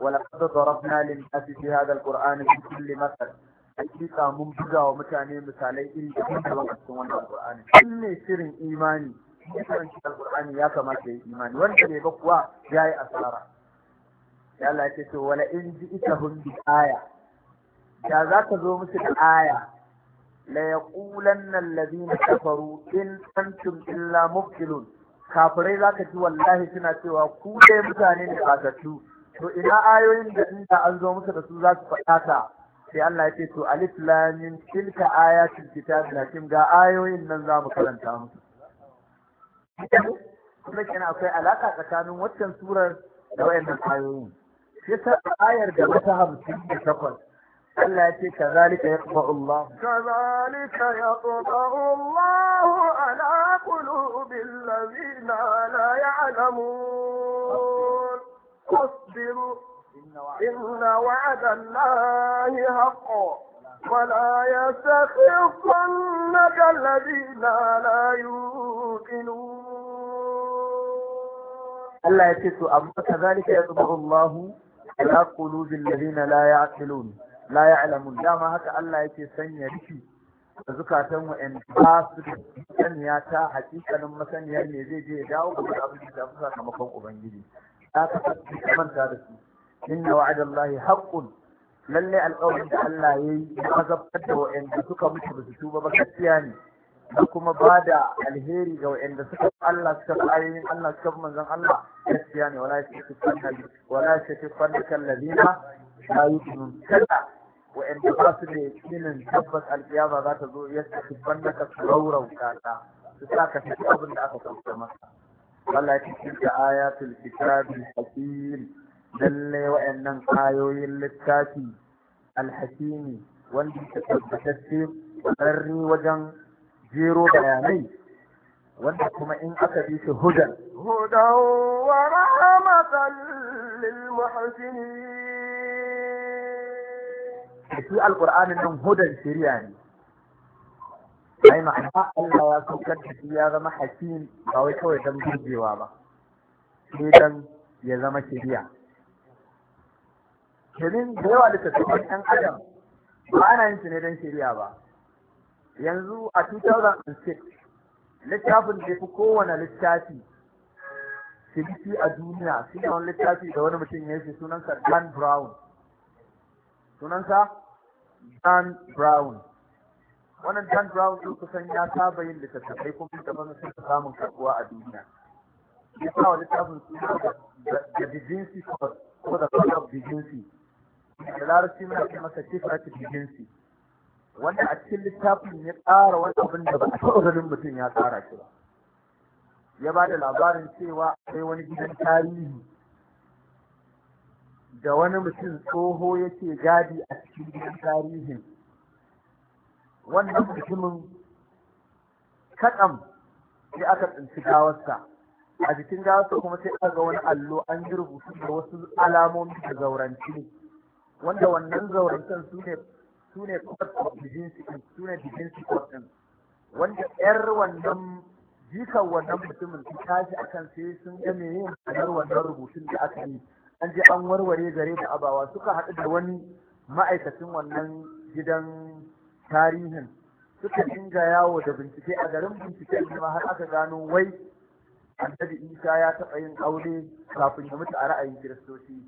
ولقد ضربنا للناس في هذا القرآن في كل مثل aiki samun buga wa mutane misalai iri da kuma lokacin wannan alqur'ani Shin ne shirin imani shi shirin alqur'ani ya kamata ya yi imani wanda ne ba kuwa yi asara ya Allah ce to wala in ji ita hun bi aya da za ka zo musu da aya la yaqulanna alladhina kafaru in antum illa mubtilun kafirai za ka ji wallahi suna cewa ku dai mutane ne kasatu to ina ayoyin da inda an zo musu da su za su faɗa ta sai Allah ya ce to alif lam mim tilka ayatul kitabil hakim ga ayoyin nan za mu karanta musu kuma kenan akwai alaka tsakanin waccan surar da wayannan ayoyin sai ta ayar da wata hamsin da takwas Allah ya ce kazalika kuma Allah kazalika kuma Allah ala qulubil ladina la ya'lamun واصبر إن وعد الله حق ولا يستخفنك الذين لا يوقنون Allah ya ce to amma kazalika yatbahu Allah ala qulubil ladina la ya'qilun la ya'lamun dama haka Allah ya ce sanya riki da zukatan wa'an ba su saniya ta hakikanin masaniyar me zai je ya dawo ga abin da ya sakamakon ubangiji ta kasance da su inna wa'adallahi haqqun lalle alƙawarin da Allah ya yi na azabtar da wa'anda suka mutu ba su tuba ba gaskiya ne da kuma ba da alheri ga wa'anda suka Allah suka ayoyin Allah suka manzon Allah gaskiya ne wala wala yashfi fanna kallazina la yu'minun kada wa'anda ba su da yakinin tabbas alƙiyama za ta zo yashfi fanna ka raurauka ta su sa ka abin da aka kwanta masa Allah ya tilka ayatul kitabil hakim lalle wa'annan ayoyin littafi alhakimi wanda ta tabbatacce ƙarni wajen jero bayanai wanda kuma in aka bi shi hudan hudan wa rahmatan lil muhsinin shi alqur'anin nan hudan shari'a ne ai ma'ana Allah ya saukar da shi ya zama hakim ba wai kawai don burgewa ba sai don ya zama shari'a domin da yawa littattafan ɗan adam ba ana yin su ne don shari'a ba yanzu a 2006 littafin da fi kowane littafi ciniki a duniya shi ne wani littafi da wani mutum ya shi sunansa Dan Brown sunansa Dan Brown wannan dan brown din kusan ya saba yin littattafai kuma da ban sun samun karbuwa a duniya ya sa wa littafin da bijinsi ko da fara bijinsi da larabci muna ce masa kifrat bijinsi wanda a cikin littafin ya tsara wani abin da ba a taɓa ganin mutum ya tsara shi ba ya ba da labarin cewa akwai wani gidan tarihi da wani mutum tsoho yake gadi a cikin gidan tarihin wannan mutumin kaɗan sai aka tsinci gawarsa a jikin gawarsa kuma sai aka ga wani allo an yi rubutu da wasu alamomi da zauranci wanda wannan zaurancen su ne su ne su ne wanda 'yar wannan jikan wannan mutumin su tashi a kan sai sun ga yin ma'anar wannan rubutun da aka yi an je an warware gare da abawa suka haɗu da wani ma'aikacin wannan gidan tarihin suka dinga yawo da bincike a garin bincike ma har aka gano wai annabi isa ya taɓa yin aure kafin ya mutu a ra'ayin kiristoci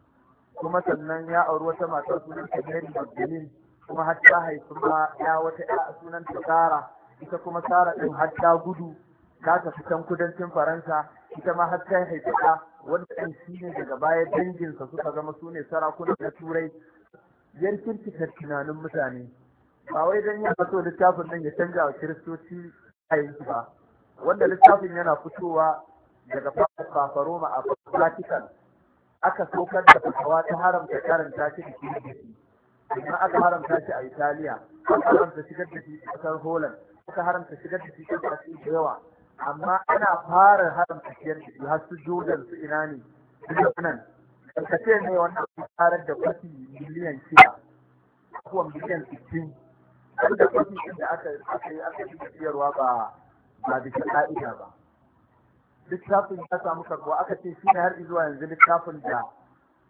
kuma sannan ya auri wata matar sunan ta mary magdalene kuma har ta haifi ma ya wata ya sunan ta sara ita kuma sara din har ta gudu ta tafi can kudancin faransa ita ma har ta haifi ɗa wanda ɗan shi ne daga baya danginsa suka zama sune ne sarakuna na turai yan kirkita tunanin mutane ba wai dan yana so littafin nan ya canja wa kiristoci ayyuki ba wanda littafin yana fitowa daga fafa Roma a Vatican aka saukar da fatawa ta haramta karanta shi da kirgisi idan aka haramta shi a Italiya aka haramta shigar da shi kasar Holland aka haramta shigar da shi kasashe da yawa amma ana fara haramta shigar da shi har su Jordan su ina ne nan ka ce ne wannan tsarar da kwafi miliyan shida kuwa miliyan sittin har da kwamitin da aka yi aka yi tafiyarwa ba ba bisa ka'ida ba littafin ya samu karbuwa aka ce shi ne har zuwa yanzu littafin da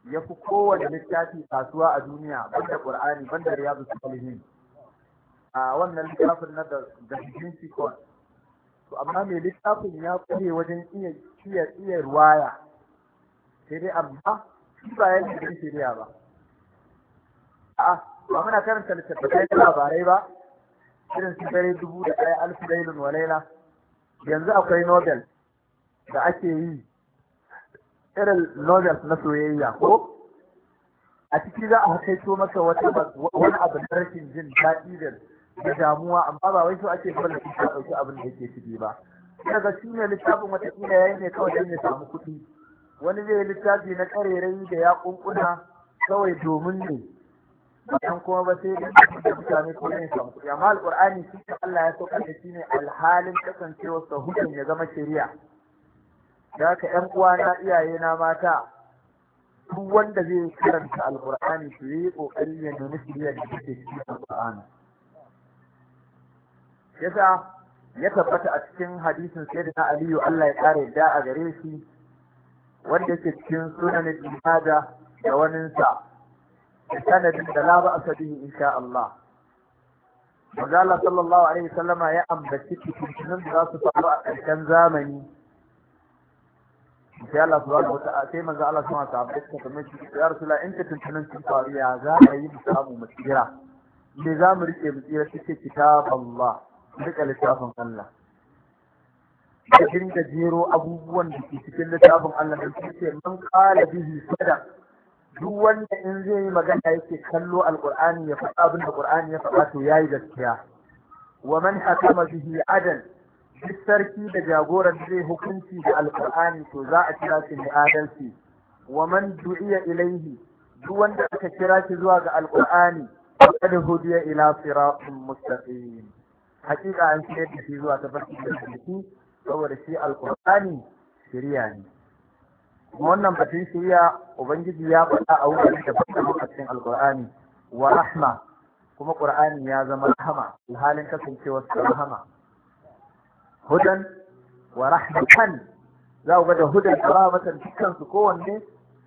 ya fi kowane littafi kasuwa a duniya banda qur'ani banda riyadu salihin a wannan littafin na da da jinsi kon to amma mai littafin ya kure wajen iya iya iya ruwaya sai dai amma shi ba yake da shari'a ba a'a ba muna karanta littattafai da labarai ba irin su dare dubu da ɗaya alfu dailun walaila yanzu akwai nobel da ake yi irin nobel na soyayya ko a ciki za a haƙaito maka wata wani abu na rashin jin daɗi da damuwa amma ba wai so ake fara shi ta ɗauki abin da yake ciki ba daga shi ne littafin wata ya yi ne kawai don ya samu kuɗi wani zai yi littafi na ƙarerayi da ya ƙunƙuna kawai domin ne Bayan kuma ba sai da mutane ko ne samu kuɗi amma alqur'ani shi Allah ya sauka da shi ne alhalin kasancewar sa hukun ya zama shari'a da haka ƴan uwana iyaye na mata duk wanda zai karanta alqur'ani to yi kokari ya nemi shari'a da take cikin alqur'ani yasa ya tabbata a cikin hadisin sayyidina aliyu Allah ya kare da a gare shi wanda yake cikin sunan ibn da waninsa sanadin da la ba'sa bihi insha Allah manzo Allah sallallahu alaihi wasallama ya ambaci cikin da za su faru a ƙarshen zamani sai Allah subhanahu wata'ala sai manzo Allah subhanahu wata'ala ta kuma shi ya rasula in ka tuntunan sun faru ya za a yi samu mu tsira me za mu rike mu tsira cikin kitab Allah rika littafin Allah ka dinga jero abubuwan da ke cikin littafin Allah da suke man qala bihi sadaq duk wanda in zai yi magana yake kallo alqur'ani ya faɗa abin da ya faɗa to yayi gaskiya wa man hakama bihi adal duk sarki da jagoran zai hukunci da alqur'ani to za a kira shi mai adalci wa man du'iya ilaihi duk wanda aka kira shi zuwa ga alqur'ani faqad hudiya ila siratin mustaqim hakika an shirya shi zuwa tafarkin da shi saboda shi alqur'ani shiriya ne wannan batun shirya ubangiji ya faɗa a wurin da ba a cikin wa rahma kuma qur'ani ya zama rahama halin kasancewa su rahama hudan wa rahmatan za ku ga da hudan da rahmatan dukkan su kowanne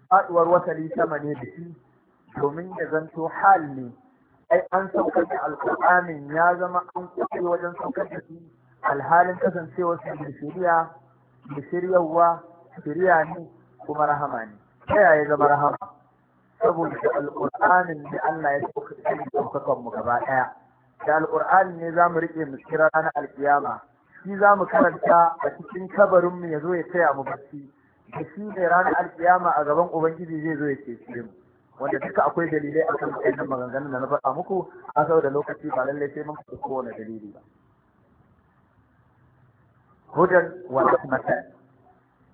faduwar wasali sama ne da shi domin ya zanto hal ne ai an saukar da alqur'anin ya zama an kuɗe wajen saukar da shi alhalin kasancewa su da shirya da shiryawa shirya ne kuma rahama ne ta yaya zama rahama saboda alƙur'anin da Allah ya sauka da ɗaukakan mu gaba ɗaya da alƙur'ani ne za mu riƙe mu kira ranar alƙiyama shi za mu karanta a cikin kabarin mu ya zo ya taya mu barci da shi ne ranar alƙiyama a gaban ubangiji zai zo ya cece mu wanda duka akwai dalilai a kan nan maganganun da na faɗa muku a sau da lokaci ba lallai sai mun faɗi kowane dalili ba. Hudan wa rahmatan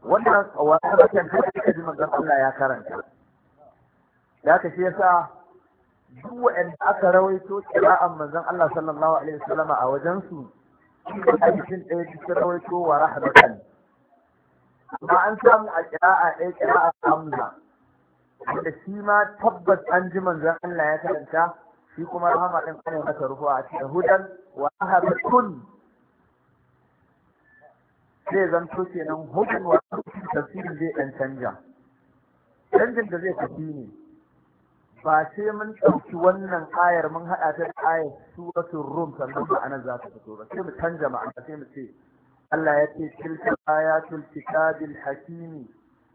wannan wannan bakin da kake ji Allah ya karanta Ya ka shi yasa duk wanda aka rawaito kira'an manzon Allah sallallahu alaihi wasallam a wajen su hadisin ɗaya cikin rawaito wa rahmatan amma an samu a kira'a ɗaya kira'a amza wanda shi ma tabbas an ji manzon Allah ya karanta shi kuma rahama ɗin ana masa rufuwa a cikin hudan wa rahmatun zai zanto kenan hukun wato tafsirin zai ɗan canja canjin da zai tafi ne ba sai mun ɗauki wannan ayar mun haɗa ta da ayar wasu rum sannan ma'anar za ta fito ba sai mu canja ma'ana sai mu ce Allah ya ce tilka ayatul kitabil hakimi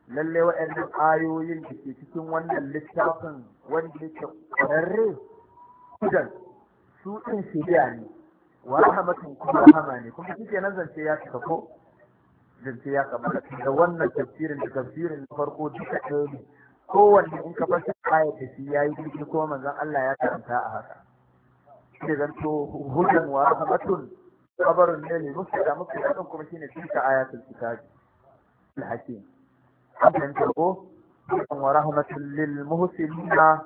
lalle wa'annan ayoyin da ke cikin wannan littafin wanda yake ƙwararre kudan su ɗin shirya ne wa rahmatun kuma rahama ne kuma kike nan zance ya cika ko zance ya kamata da wannan tafsirin da tafsirin na farko duka ɗaya ne kowanne in ka fasa aya ta shi yi duki ko manzan Allah ya karanta a haka shi zan to hudan wa rahmatun kabarun ne ne musu da musu da kuma shine duka ayatul kitab al-hakim an ko hudan wa rahmatun lil muhsinina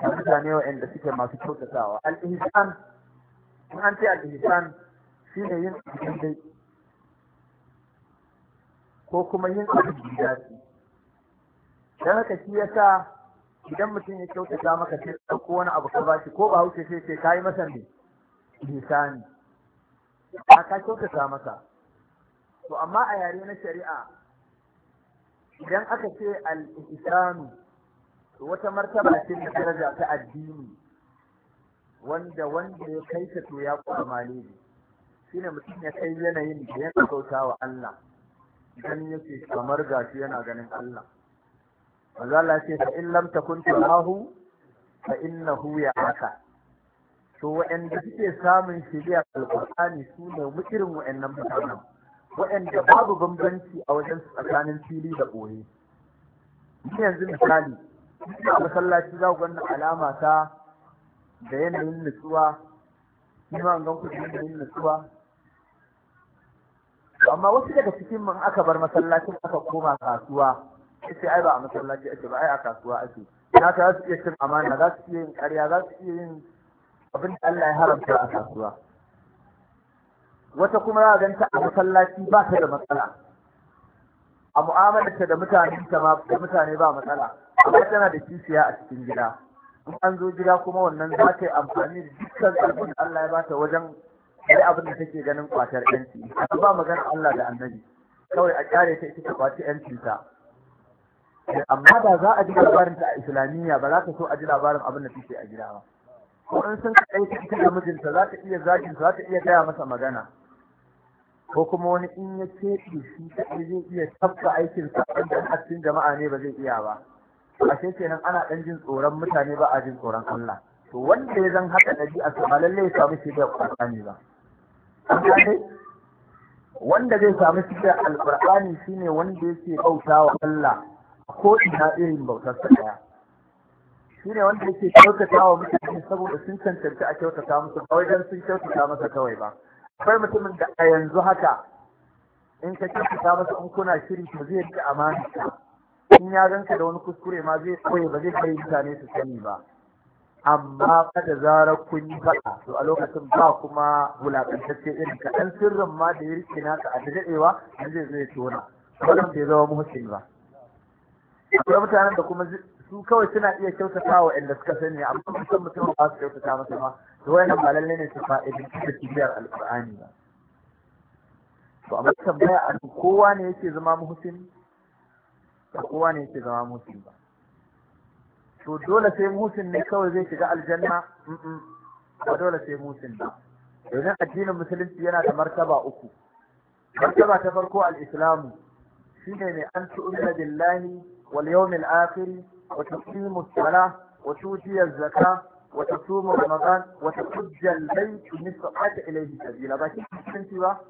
da mutane waɗanda suke masu kyautatawa al-ihsan in an ce al-ihsan shine yin daidai ko kuma yin abin da ya dan haka shi yasa idan mutum ya kyautata maka sai ko wani abu ka bashi ko ba hauce sai ce yi masa ne lisani a ka kyautata maka? to amma a yare na shari'a idan aka ce al islamu to wata martaba ce da daraja ta addini wanda wanda ya kai ta to ya kuma malibi shine mutum ya kai yanayin da ya kauta wa Allah ganin yake kamar gashi yana ganin Allah manzo Allah ce fa in lam takun tarahu fa innahu ya'aka to waɗanda suke samun shirya alqur'ani su ne mutirin waɗannan mutanen waɗanda babu bambanci a wajen tsakanin fili da ɓoye ni yanzu misali ina masallaci za ku wannan alama ta da yanayin nutsuwa ina ga ku da yanayin nutsuwa amma wasu daga cikin mun aka bar masallacin aka koma kasuwa sai ai ba a masallaci ake ba ai a kasuwa ake na ta za su iya cin amana za su iya yin ƙarya za su iya yin abin da Allah ya haramta a kasuwa wata kuma za ganta a masallaci ba ta da matsala a mu'amalarta da mutane ta ma da mutane ba matsala amma tana da kishiya a cikin gida in an zo gida kuma wannan za ta yi amfani da dukkan ƙarfin Allah ya bata wajen yi abin da take ganin kwatar yanci a ba magana Allah da annabi kawai a kyare ta ita ta kwaci yancin ta amma da za a ji labarin ta a islamiyya ba za ta so a ji labarin abin da take a gida ba ko in sun ka aiki ita da mijinta za ta iya zagin za ta iya gaya masa magana ko kuma wani in ya keɓe shi ta zai iya tabba aikinsa inda a cikin jama'a ne ba zai iya ba ashe kenan ana ɗan jin tsoron mutane ba a jin tsoron Allah to wanda ya zan haka ɗabi'a su ba lallai ya samu shi da ƙwarƙani ba wanda zai samu cikin alƙur'ani ne wanda ce bauta wa Allah ko ina irin bautar sa Shi ne wanda ya ce kyautata wa mutane saboda sun cancanta a kyautata musu kawai don sun kyautata masa kawai ba akwai mutumin da a yanzu haka in ka kyautata masa in kuna shiri to zai yi amana in ya ganka da wani kuskure ma zai kawai ba zai kai mutane su sani ba amma fa da zarar kun yi faɗa to a lokacin ba kuma wulaƙantacce irin ka ɗan sirrin ma da ya naka a daɗewa an zai zai tona wannan bai zama muhsin ba akwai mutanen da kuma su kawai suna iya kyautata wa inda suka sani amma mutum mutum ba su kyautata masa ma to wani ba lalle ne su fa'idin da kibiyar alƙur'ani ba to amma tambaya a kowa ne yake zama muhsin ba kowa ne yake zama muhsin ba to dole sai musin ne kawai zai shiga aljanna ba dole sai musin ba domin addinin musulunci yana da martaba uku martaba ta farko al'islamu shine ne an tu'mina billahi wal yawmil akhir wa tuqimu as-salah wa tuti az-zakah wa tasumu ramadan wa tahujja al-bayt min sa'ati ilayhi sabila ba shi musulunci ba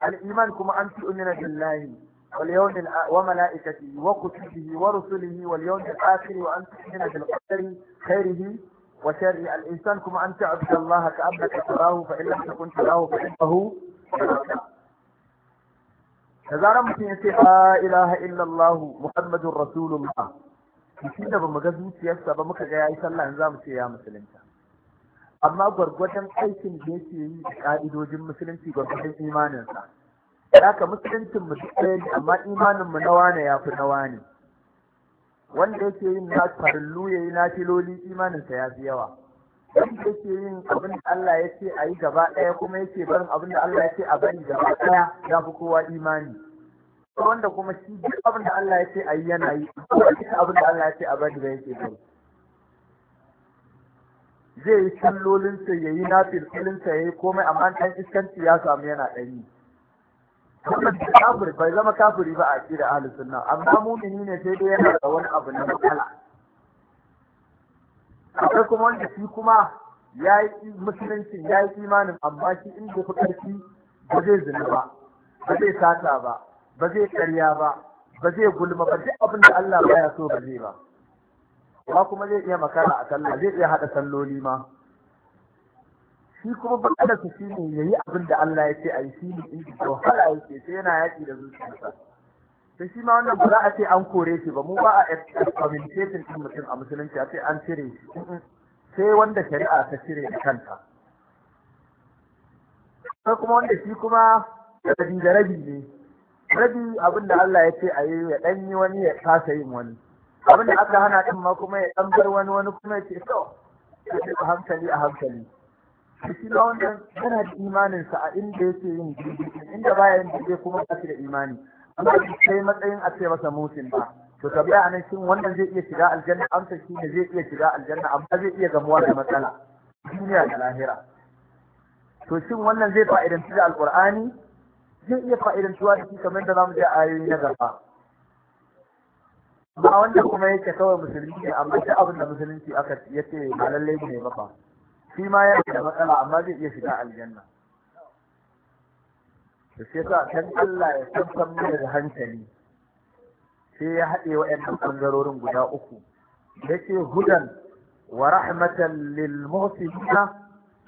al-iman kuma an tu'mina billahi واليوم وملائكته وكتبه ورسله واليوم الآخر وأن تؤمن بالقدر خيره وشره الإنسان كما أن تعبد الله كأنك تراه فإن لم تكن تراه فإنه تزارا mutum ya ce la ilaha illallah muhammadur rasulullah shi da bamu ga zuciyarsa ba muka ga yayi sallah yanzu zamu ce ya musulunta amma gwargwadon aikin da yake yi ka'idojin musulunci gwargwadon imaninsa haka musuluncin mu duk ɗaya ne amma imanin mu nawa ne ya fi nawa ne? wanda yake yin na farlu yayi na filoli imanin sa ya fi yawa wanda yake yin abin da Allah ya ce a yi gaba ɗaya kuma yake barin abin da Allah ya ce a bari gaba ɗaya ya fi kowa imani wanda kuma shi duk abin da Allah ya ce a yi yana yi kuma duk abin da Allah ya ce a bari ba yake bari zai yi sallolinsa ya yi na filfilinsa ya yi komai amma ɗan iskanci ya samu yana ɗanyi kafir bai zama kafiri ba a da ahlus sunna amma mumini ne sai dai yana da wani abu na matsala akwai kuma wanda shi kuma ya yi musulunci ya yi imanin amma shi inda fi ƙarfi ba zai zina ba ba zai sata ba ba zai karya ba ba zai gulma ba duk abin da Allah baya so ba zai ba ba kuma zai iya makara a sallah zai iya haɗa salloli ma shi kuma su shi ne ya yi abin da Allah ya ce a yi shi ne in ji wahala ce sai yana yaƙi da zuciyarsa sai shi ma wannan ba za a ce an kore shi ba mu ba a communication din mutum a musulunci a ce an cire shi sai wanda shari'a ta cire da kanta sai kuma wanda shi kuma rabi da rabi ne rabi abin da Allah ya ce a yi ya ɗan yi wani ya kasa yin wani abin da aka hana ɗin ma kuma ya ɗan bar wani wani kuma ya ce to a hankali a hankali shi ma wannan yana da imaninsa a inda yake yin daidai inda baya yin daidai kuma ba shi da imani amma shi kai matsayin a ce masa musin ba to a nan shin wannan zai iya shiga aljanna amsa shi ne zai iya shiga aljanna amma zai iya gamuwa da matsala duniya da lahira to shin wannan zai fa'idanci da alqur'ani zai iya fa'idantuwa da shi kamar da zamu je ayoyi na gaba ba wanda kuma yake kawai musulmi ne amma duk abin da musulunci aka yace ba lallai ne ba shi ma yana da matsala amma zai iya shiga aljanna da shi yasa kan Allah ya tantan mana da hankali sai ya haɗe wa 'yan ɓangarorin guda uku yake hudan wa rahmatan lil muhsinina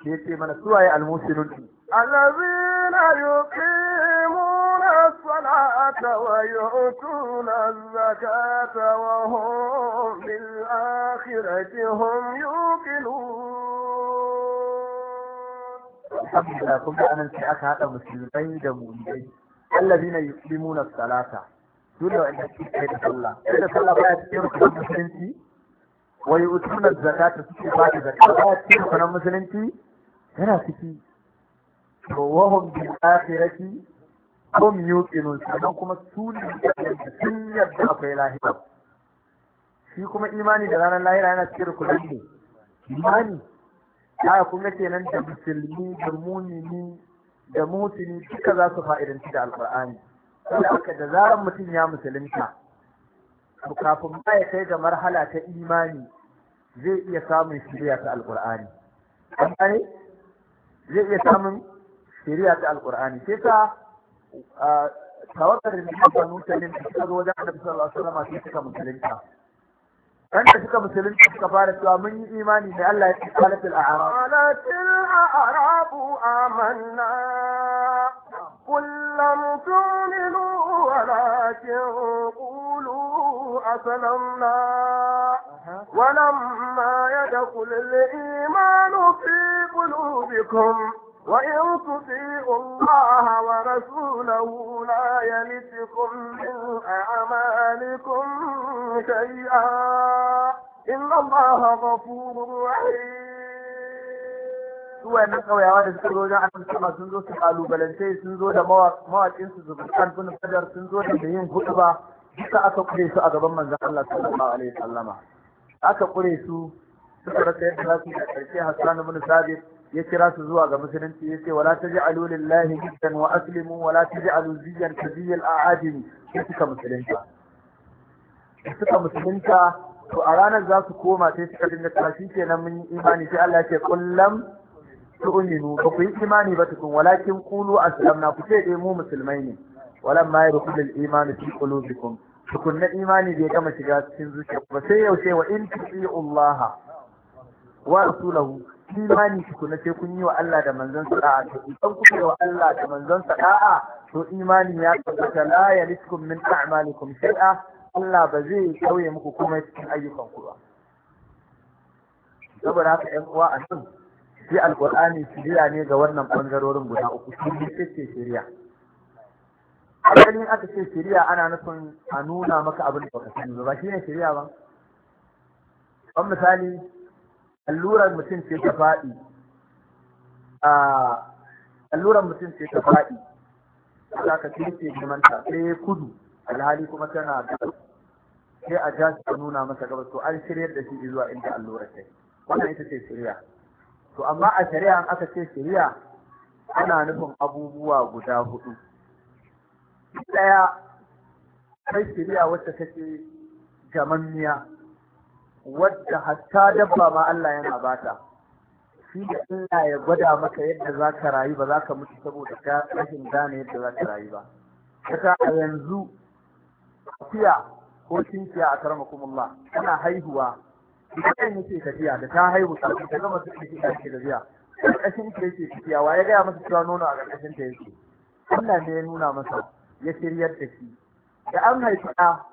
ce mana suwaye al muhsinun الذين يقيمون الصلاة ويؤتون الزكاة وهم بالآخرة هم يوقنون alhamdulillah kun ga anan sai aka haɗa musulmai da mu'minai allazina yuqimuna salata dole wanda suke kai da sallah Sai da sallah baya cikin rukunin musulunci wa yu'tuna zakata suke ba da zakata baya cikin rukunin musulunci yana ciki to wahum bil akhirati hum yuqinun sannan kuma su ne sun yadda akwai lahira shi kuma imani da ranar lahira yana cikin rukunin ne imani haka kuma nan da musulmi da munini da mutuni duka za su fa'idanci da alfa'ani saboda aka da zaran mutum ya musulunta to kafin ma ya kai ga marhala ta imani zai iya samun shirya ta alqur'ani zai iya samun shirya ta alqur'ani sai ka tawakar da mutanen da suka zo wajen da sallallahu alaihi wasallam suka musulunta أنت شكا مسلمين كفارة ومن إيماني في الله قالت الأعراب قالت الأعراب آمنا قل لم تؤمنوا ولكن قولوا أسلمنا ولما يدخل الإيمان في قلوبكم وإن تطيعوا الله ورسوله لا يلتكم من أعمالكم شيئا إن الله غفور رحيم wayannan ƙauyawa da suka zo wajen annabi sallallahu sun zo su kalubalance sun zo da mawaƙin su zubair bin fadar sun zo da yin hudba duka aka kure su a gaban manzon Allah sallallahu alaihi wasallama aka kure su suka rasa yadda za su yi a ƙarshe Hassan bin Sabit ya kira su zuwa ga musulunci ya ce, wala ta taj'alu lillahi jiddan wa aslimu wala ta ta ziyyan kadiyal a'adimi sai suka musulunta suka musulunta to a ranar za su koma sai suka dinga tashi kenan mun yi imani sai Allah ya ce kullam tu'minu ba ku yi imani ba tukun walakin qulu aslamna ku ce dai eh, mu musulmai ne walan walamma yadkhulu al-imanu fi qulubikum tukun na imani bai gama shiga cikin zuciya ba sai yaushe wa in tu'i'u Allah wa rasulahu imani tukuna sai kun yi wa Allah da manzon sa to idan ku yi wa Allah da manzon sa to imani ya tabbata la yalitkum min a'malikum shay'a Allah ba zai kauye muku kuma cikin ayyukan ku ba saboda haka ƴan uwa a nan shi alqur'ani shiriya ne ga wannan bangarorin guda uku shi ne ce shiriya asalin aka ce shiriya ana nufin a nuna maka abin da baka sani ba shi ne shiriya ba kamar misali allurar mutum ce ta faɗi a allurar mutum ce ta faɗi za ka kirce sai kudu alhali kuma tana gabas sai a ja ta nuna masa gabas to an shirya da shi zuwa inda allurar ta wannan ita ce shirya to amma a shari'a an aka ce shirya ana nufin abubuwa guda hudu ɗaya kai shirya wacce take jamammiya? wadda hatta dabba ma Allah yana bata shi da Allah ya gwada maka yadda za ka rayu ba za ka mutu saboda ka rashin gane yadda za ka rayu ba kaka a yanzu tafiya ko tinkiya a Allah tana haihuwa ne ke tafiya da ta haihu kafin ta gama suke shi ke tafiya karkashin ta yake tafiya wa ya gaya masa cewa nono a karkashin ta yake Allah ne ya nuna masa ya shiryar da shi da an haifi ɗa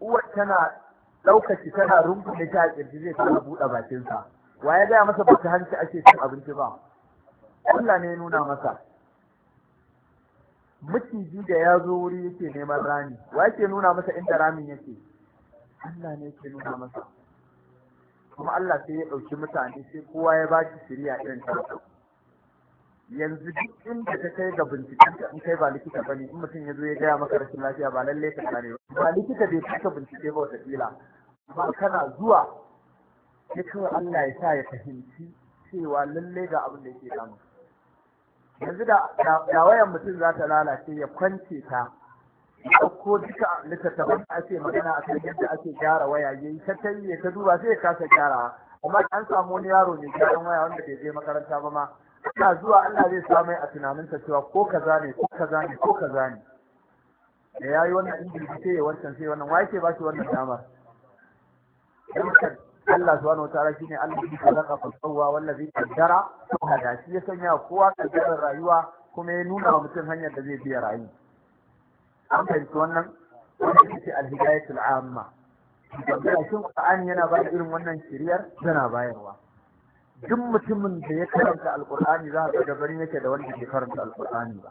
uwar tana ɗaukaci tana rungume ta a ƙirji zai fara buɗe bakinsa wa ya gaya masa ba ta hanci ake cin abinci ba Allah ne nuna masa maciji da ya zo wuri yake neman rami wa yake nuna masa inda ramin yake Allah ne yake nuna masa kuma Allah sai ya ɗauki mutane sai kowa ya ba shi shirya irin ta yanzu duk inda ka kai ga binciken in kai ba likita ba ne in mutum ya zo ya gaya maka rashin lafiya ba lallai ka gane ba likita bai cika bincike ba wata ba kana zuwa sai kawai Allah ya sa ya fahimci cewa lalle ga abin da yake damu yanzu da da wayan mutum za ta lalace ya kwance ta ko duka littattafan da ake magana a kan yadda ake gyara waya ya yi ta ya ta duba sai ya kasa gyara. amma an samu wani yaro ne gyaran waya wanda bai je makaranta ba ma ina zuwa Allah zai sa a tunaninsa cewa ko kaza ne ko kaza ne ko kaza ne da ya yi wannan injin sai ya wancan sai wannan wai ke ba shi wannan damar dan Allah subhanahu wataala shine Allah da ke zaka wanda wallazi qaddara hada shi ya sanya kowa kaddarar rayuwa kuma ya nuna wa mutum hanyar da zai biya rayu an fahimci wannan wannan ce al-hidayatul amma tambaya shin Qur'ani yana ba irin wannan shiriyar yana bayarwa duk mutumin da ya karanta Al-Qur'ani za ka ga gabarin yake da wanda ke karanta Al-Qur'ani ba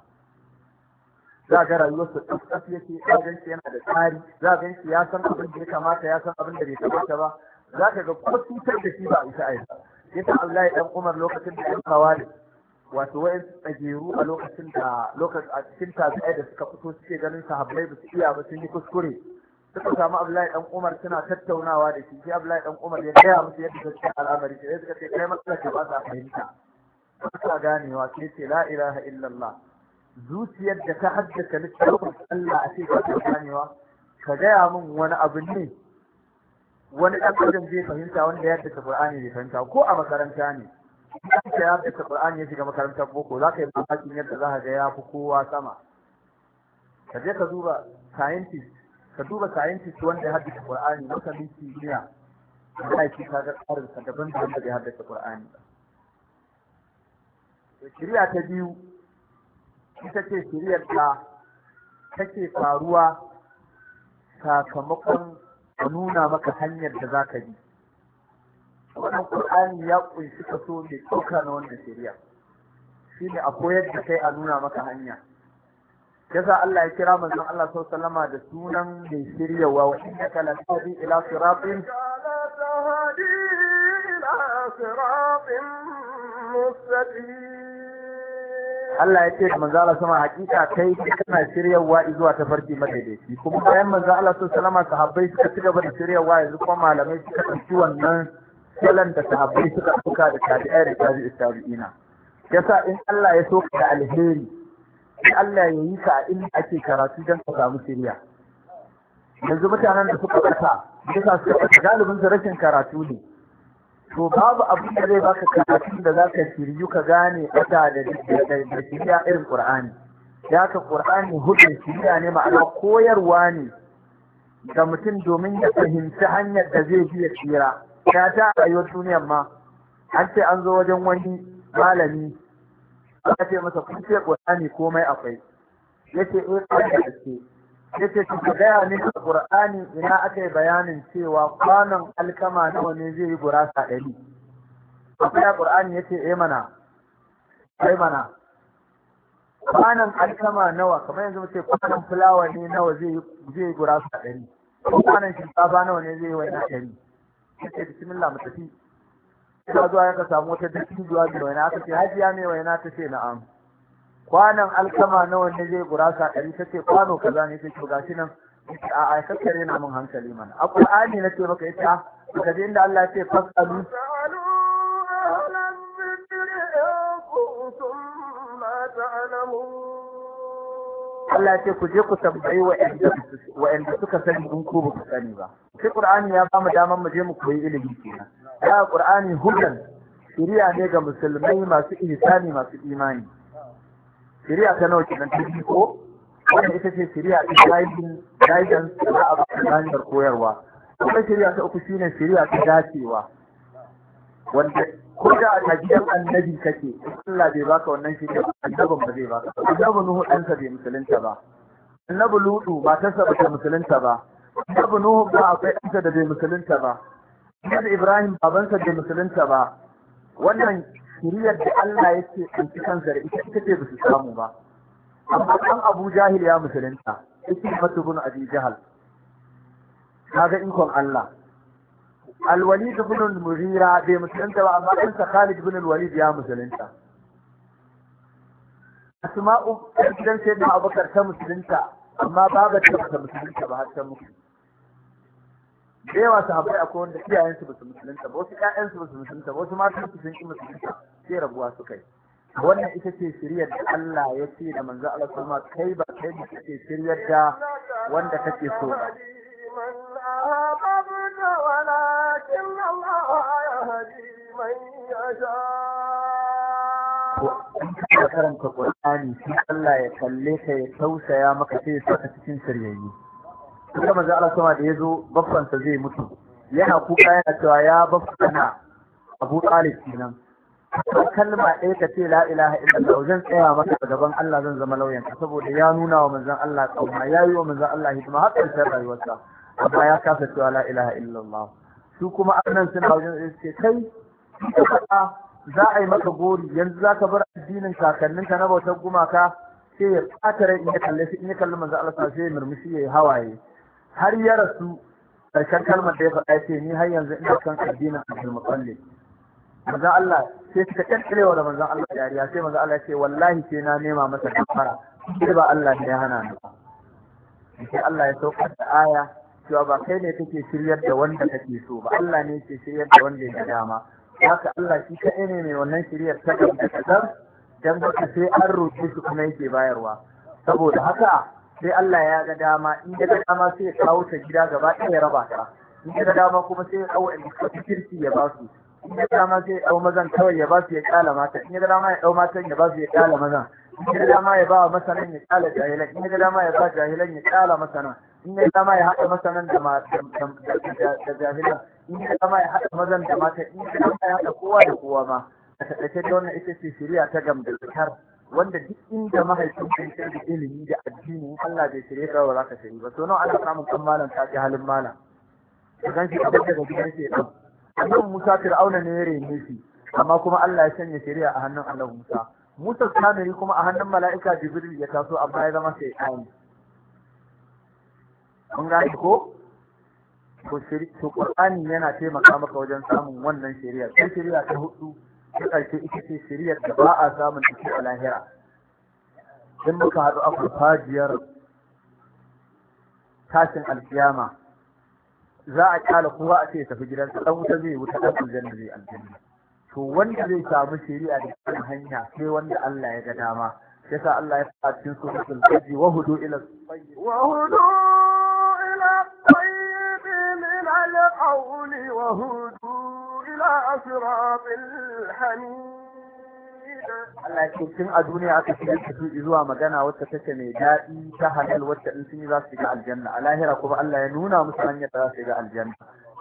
za ga rayuwarsa tsaf yake za ga shi yana da tsari za ga shi ya san abin da ya kamata ya san abin da bai kamata ba za ka ga ko cutar da shi ba a isa aisa yasa Allah ya dan Umar lokacin da ya kawale wato wayan tsageru a lokacin da lokacin a cikin tabi'ai da suka fito suke ganin sahabbai ba su iya ba sun yi kuskure suka samu Abdullahi dan Umar suna tattaunawa da shi sai Abdullahi dan Umar ya gaya musu yadda take al'amari sai suka ce kai matsala ce ba sa fahimta ba gane ganewa sai ce la ilaha illallah zuciyar da ta haddasa littafin Allah a cikin ta ganewa ka gaya min wani abu ne wani ɗan adam zai fahimta wanda ya haddasa Qur'ani zai fahimta ko a makaranta ne idan ka ya haddasa Qur'ani ya shiga makarantar boko za ka yi mamakin yadda za ka ga ya fi kowa sama ka je ka duba scientist ka duba scientist wanda ya haddasa Qur'ani masanin kimiyya da aiki ka ga tsarin sa daban da wanda bai haddasa Qur'ani ba. Shirya ta biyu ita ce shiriyar ta take faruwa sakamakon a nuna maka hanyar da za ka bi wannan kur'ani ya ƙunshi kaso mai ɗauka na wannan shirya. shi ne a koyar da kai a nuna maka hanya yasa Allah ya kira manzon Allah salama da sunan mai shiryawa wa inna ka la tahdi ila siratin Allah ya ce da manzo Allah sama hakika kai kana shiryawa zuwa tafarki madaidaici kuma bayan manzo Allah sallama sahabbai suka ci gaba da shiryawa yanzu kuma malamai suka ɗauki wannan salon da sahabbai suka ɗauka da tabi'ai da tabi'i tabi'ina yasa in Allah ya so ka da alheri in Allah ya yi ka a ake karatu don ka samu shirya yanzu mutanen da suka ɓata bisa suka ɓata galibin su rashin karatu ne to babu abin da zai baka karatun da za ka shiryu ka gane ata da shirya irin ƙur'ani ya ka ƙur'ani hudun shirya ne ma'ana koyarwa ne ga mutum domin ya fahimci hanyar da zai biya tsira ya ta rayuwar duniyar ma an ce an zo wajen wani malami aka ce masa kun ce ƙur'ani komai akwai yace eh ƙwarai da gaske yace ka gaya ne a Qur'ani ina aka yi bayanin cewa kwanon alkama nawa ne zai yi gurasa ɗari akwai a Qur'ani yace eh mana ai eh mana kwanon alkama nawa kamar yanzu mace kwanon fulawa ne nawa zai yi gurasa ɗari Kwanan kwanon shinkafa nawa ne zai yi waina ɗari yace bismillah mu tafi ina zuwa ya ka samu wata dattijuwa mai waina aka ce hajiya mai waina ta ce na'am kwanan alkama nawa ne zai gurasa ɗari ta ce kwano kaza ne ta ce gashi nan a a yana hankali mana a qur'ani na ce maka ita daga inda Allah ce fasalu Allah ce ku je ku tambayi wa'anda suka sani in ku ba sani ba. Sai Qur'ani ya ba mu damar mu je mu koyi ilimi kenan. Ya ƙur'ani hudan shiriya ne ga musulmai masu ihsani masu imani. Shirya ta nawa kenan ta ko wannan ita ce shirya ta guiding guidance da za a ba ta hanyar koyarwa kuma shirya ta uku shine shirya ta dacewa wanda ko da a gidan annabi kake Allah bai baka wannan shari'a annabin ba zai baka annabi Nuhu ɗansa bai musulunta ba annabi Lutu matarsa ba ta musulunta ba annabi Nuhu ba akwai ɗansa da bai musulunta ba annabi Ibrahim babansa bai musulunta ba wannan shiriyar da Allah ya ce in ci kan zare ita ita ce ba su samu ba amma ɗan Abu Jahil ya musulunta yake mata bin Abi Jahal ga inkon Allah al bin ibn al bai musulunta ba amma dan sa Khalid ibn walid ya musulunta Asma'u gidan da Abubakar ta musulunta amma babar ta musulunta ba har ta mutu da yawa sahabbai akwai wanda iyayensu ba su musulunta ba wasu 'ya'yansu ba su musulunta ba wasu matan su sun ƙi musulunta sai rabuwa su kai wannan ita ce shiryar da Allah ya ce da manzo Allah ma kai ba kai ba kake shiryar da wanda kake so ba in ka karanta Qur'ani sai Allah ya kalle ka ya tausaya maka sai ya saka cikin shiryayye kuma manzo Allah sama da yazo baffan sa zai mutu yana kuka yana cewa ya baffana Abu Talib kenan kalma ɗaya ka ce la ilaha illallah zan tsaya maka a gaban Allah zan zama lauyan ka saboda ya nuna wa manzon Allah kauna ya yi wa manzon Allah hidima har ƙarshen rayuwarsa amma ya kasa cewa la ilaha illallah su kuma annan suna wajen da suke kai ka faɗa za a yi maka gori yanzu za ka bar addinin kakannin ka na bautar gumaka sai ya ɓata rai in ya kalle in ya kalli manzon Allah sai ya murmushi ya yi hawaye har ya rasu ƙarshen kalmar da ya faɗa ce ni har yanzu ina kan addinin Abdul Muttalib manzo Allah sai suka kirkirewa da manzo Allah dariya sai manzo Allah ya ce wallahi sai na nema masa kafara sai ba Allah ne ya hana ni sai Allah ya saukar da aya cewa ba kai ne kake shiryar da wanda kake so ba Allah ne ke shiryar da wanda ya dama haka Allah shi ka ne mai wannan shiryar ta gaba da dan ba sai an roƙe shi kuma yake bayarwa saboda haka sai Allah ya ga dama in ga dama sai ya kawo ta gida gaba ɗaya ya raba ta in ga dama kuma sai ya kawo ɗan kirki ya ba su in ga dama sai ya kawo mazan kawai ya ba su ya ƙala mata in ga dama ya kawo matan ya ba su ya ƙala mazan in ga dama ya ba wa masanan ya ƙala jahilan in ga dama ya ba jahilan ya ƙala masanan in ga dama ya haɗa masanan da jahilan in ga dama ya haɗa mazan da mata in ga dama ya haɗa kowa da kowa ma a taƙaice da wannan ita ce shirya ta gamdakatar wanda duk inda mahaifin kai sai da ilimi da addini in Allah bai shirye ka ba za ka shiri ba to nawa ana samun kan malam ta ce halin malam ka gan shi abin da gidan shi ɗan annabi Musa Fir'auna ne ya rene shi amma kuma Allah ya sanya shari'a a hannun annabi Musa Musa Samiri kuma a hannun mala'ika Jibril ya taso amma ya zama sai ɗan kun gane ko to Qur'ani yana taimaka maka wajen samun wannan shari'a sai shari'a ta hudu ta ƙarshe ita ce shiriyar da ba a samun ita a lahira in muka haɗu a farfajiyar tashin alkiyama za a kyala kowa a ce ya tafi gidansa ɗan wuta zai wuta ɗan aljanna zai aljanna to wanda zai samu shari'a da kan hanya sai wanda Allah ya ga dama yasa Allah ya faɗa cikin suratul fajr wa hudu ila wa hudu ila tayyib min al-qawli wa hudu إلى صراط الحميد Allah ce tun a duniya aka shigar da su zuwa magana wacce take mai daɗi ta halal wacce in sun yi za su shiga aljanna a lahira kuma Allah ya nuna musu hanyar da za su shiga aljanna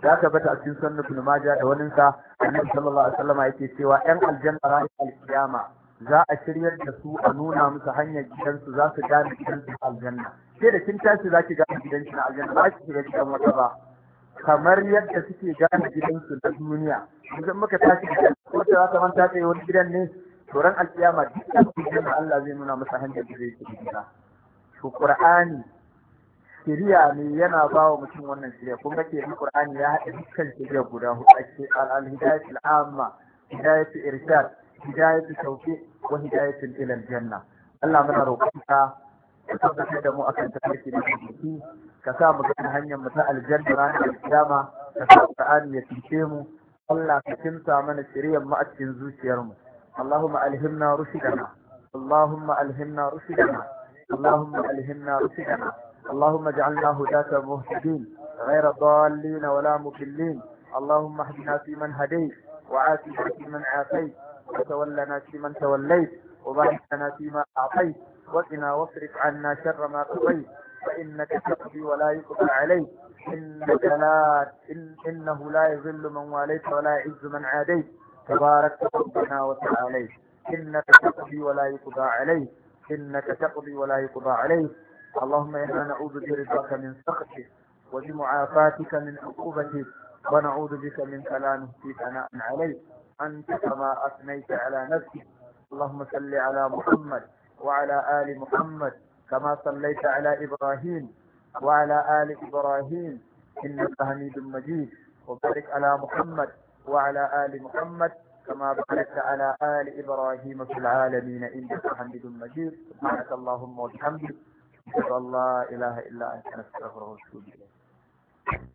ya tabbata a cikin sunan ibn majah da wani sa annabi sallallahu alaihi wasallam yake cewa yan aljanna ranar alkiyama za a shiryar da su a nuna musu hanyar gidansu za su gane gidansu aljanna sai da kin tashi za ki gane gidan na aljanna ba ki shiga gidan wata ba kamar yadda suke gane gidansu na duniya idan muka tashi da wata za ta manta ta yi wani gidan ne turan alkiyama dukkan abin Allah zai nuna masa hanyar da zai ci gida to qur'ani shiriya ne yana ba wa mutum wannan shiriya kun ga kenan qur'ani ya haɗa dukkan shiriya guda hudu ake al-hidayat al-amma hidayat irshad hidayat tawfiq wa hidayat ila al-janna Allah muna roƙonka ka da mu akan tafarki na jiki ka sa mu ga hanyar mu ta aljanna ranar kiyama ka sa Qur'ani ya tice mu Allah ka kimsa mana shiriyar mu a cikin zuciyar mu Allahumma alhimna rushidana Allahumma alhimna rushidana Allahumma alhimna rushidana اللهم اجعلنا هداة مهتدين غير ضالين ولا مضلين اللهم اهدنا فيمن هديت وعافنا فيمن عافيت وتولنا فيمن توليت وبارك لنا فيما اعطيت وقنا واصرف عنا شر ما قضيت فإنك تقضي ولا يقضى عليك إنك لا إن إنه لا يذل من واليت ولا يعز من عاديت تبارك ربنا وتعاليت إنك تقضي ولا يقضى عليك إنك تقضي ولا يقضى عليك اللهم إنا نعوذ برضاك من سخطك وبمعافاتك من عقوبتك ونعوذ بك من كلامه في ثناء عليك أنت كما أثنيت على نفسك اللهم صل على محمد وعلى آل محمد كما صليت على إبراهيم وعلى آل إبراهيم إنك حميد مجيد وبارك على محمد وعلى آل محمد كما باركت على آل إبراهيم في العالمين إنك حميد مجيد سبحانك اللهم وبحمدك أشهد أن لا إله إلا أنت نستغفرك ونتوب إليك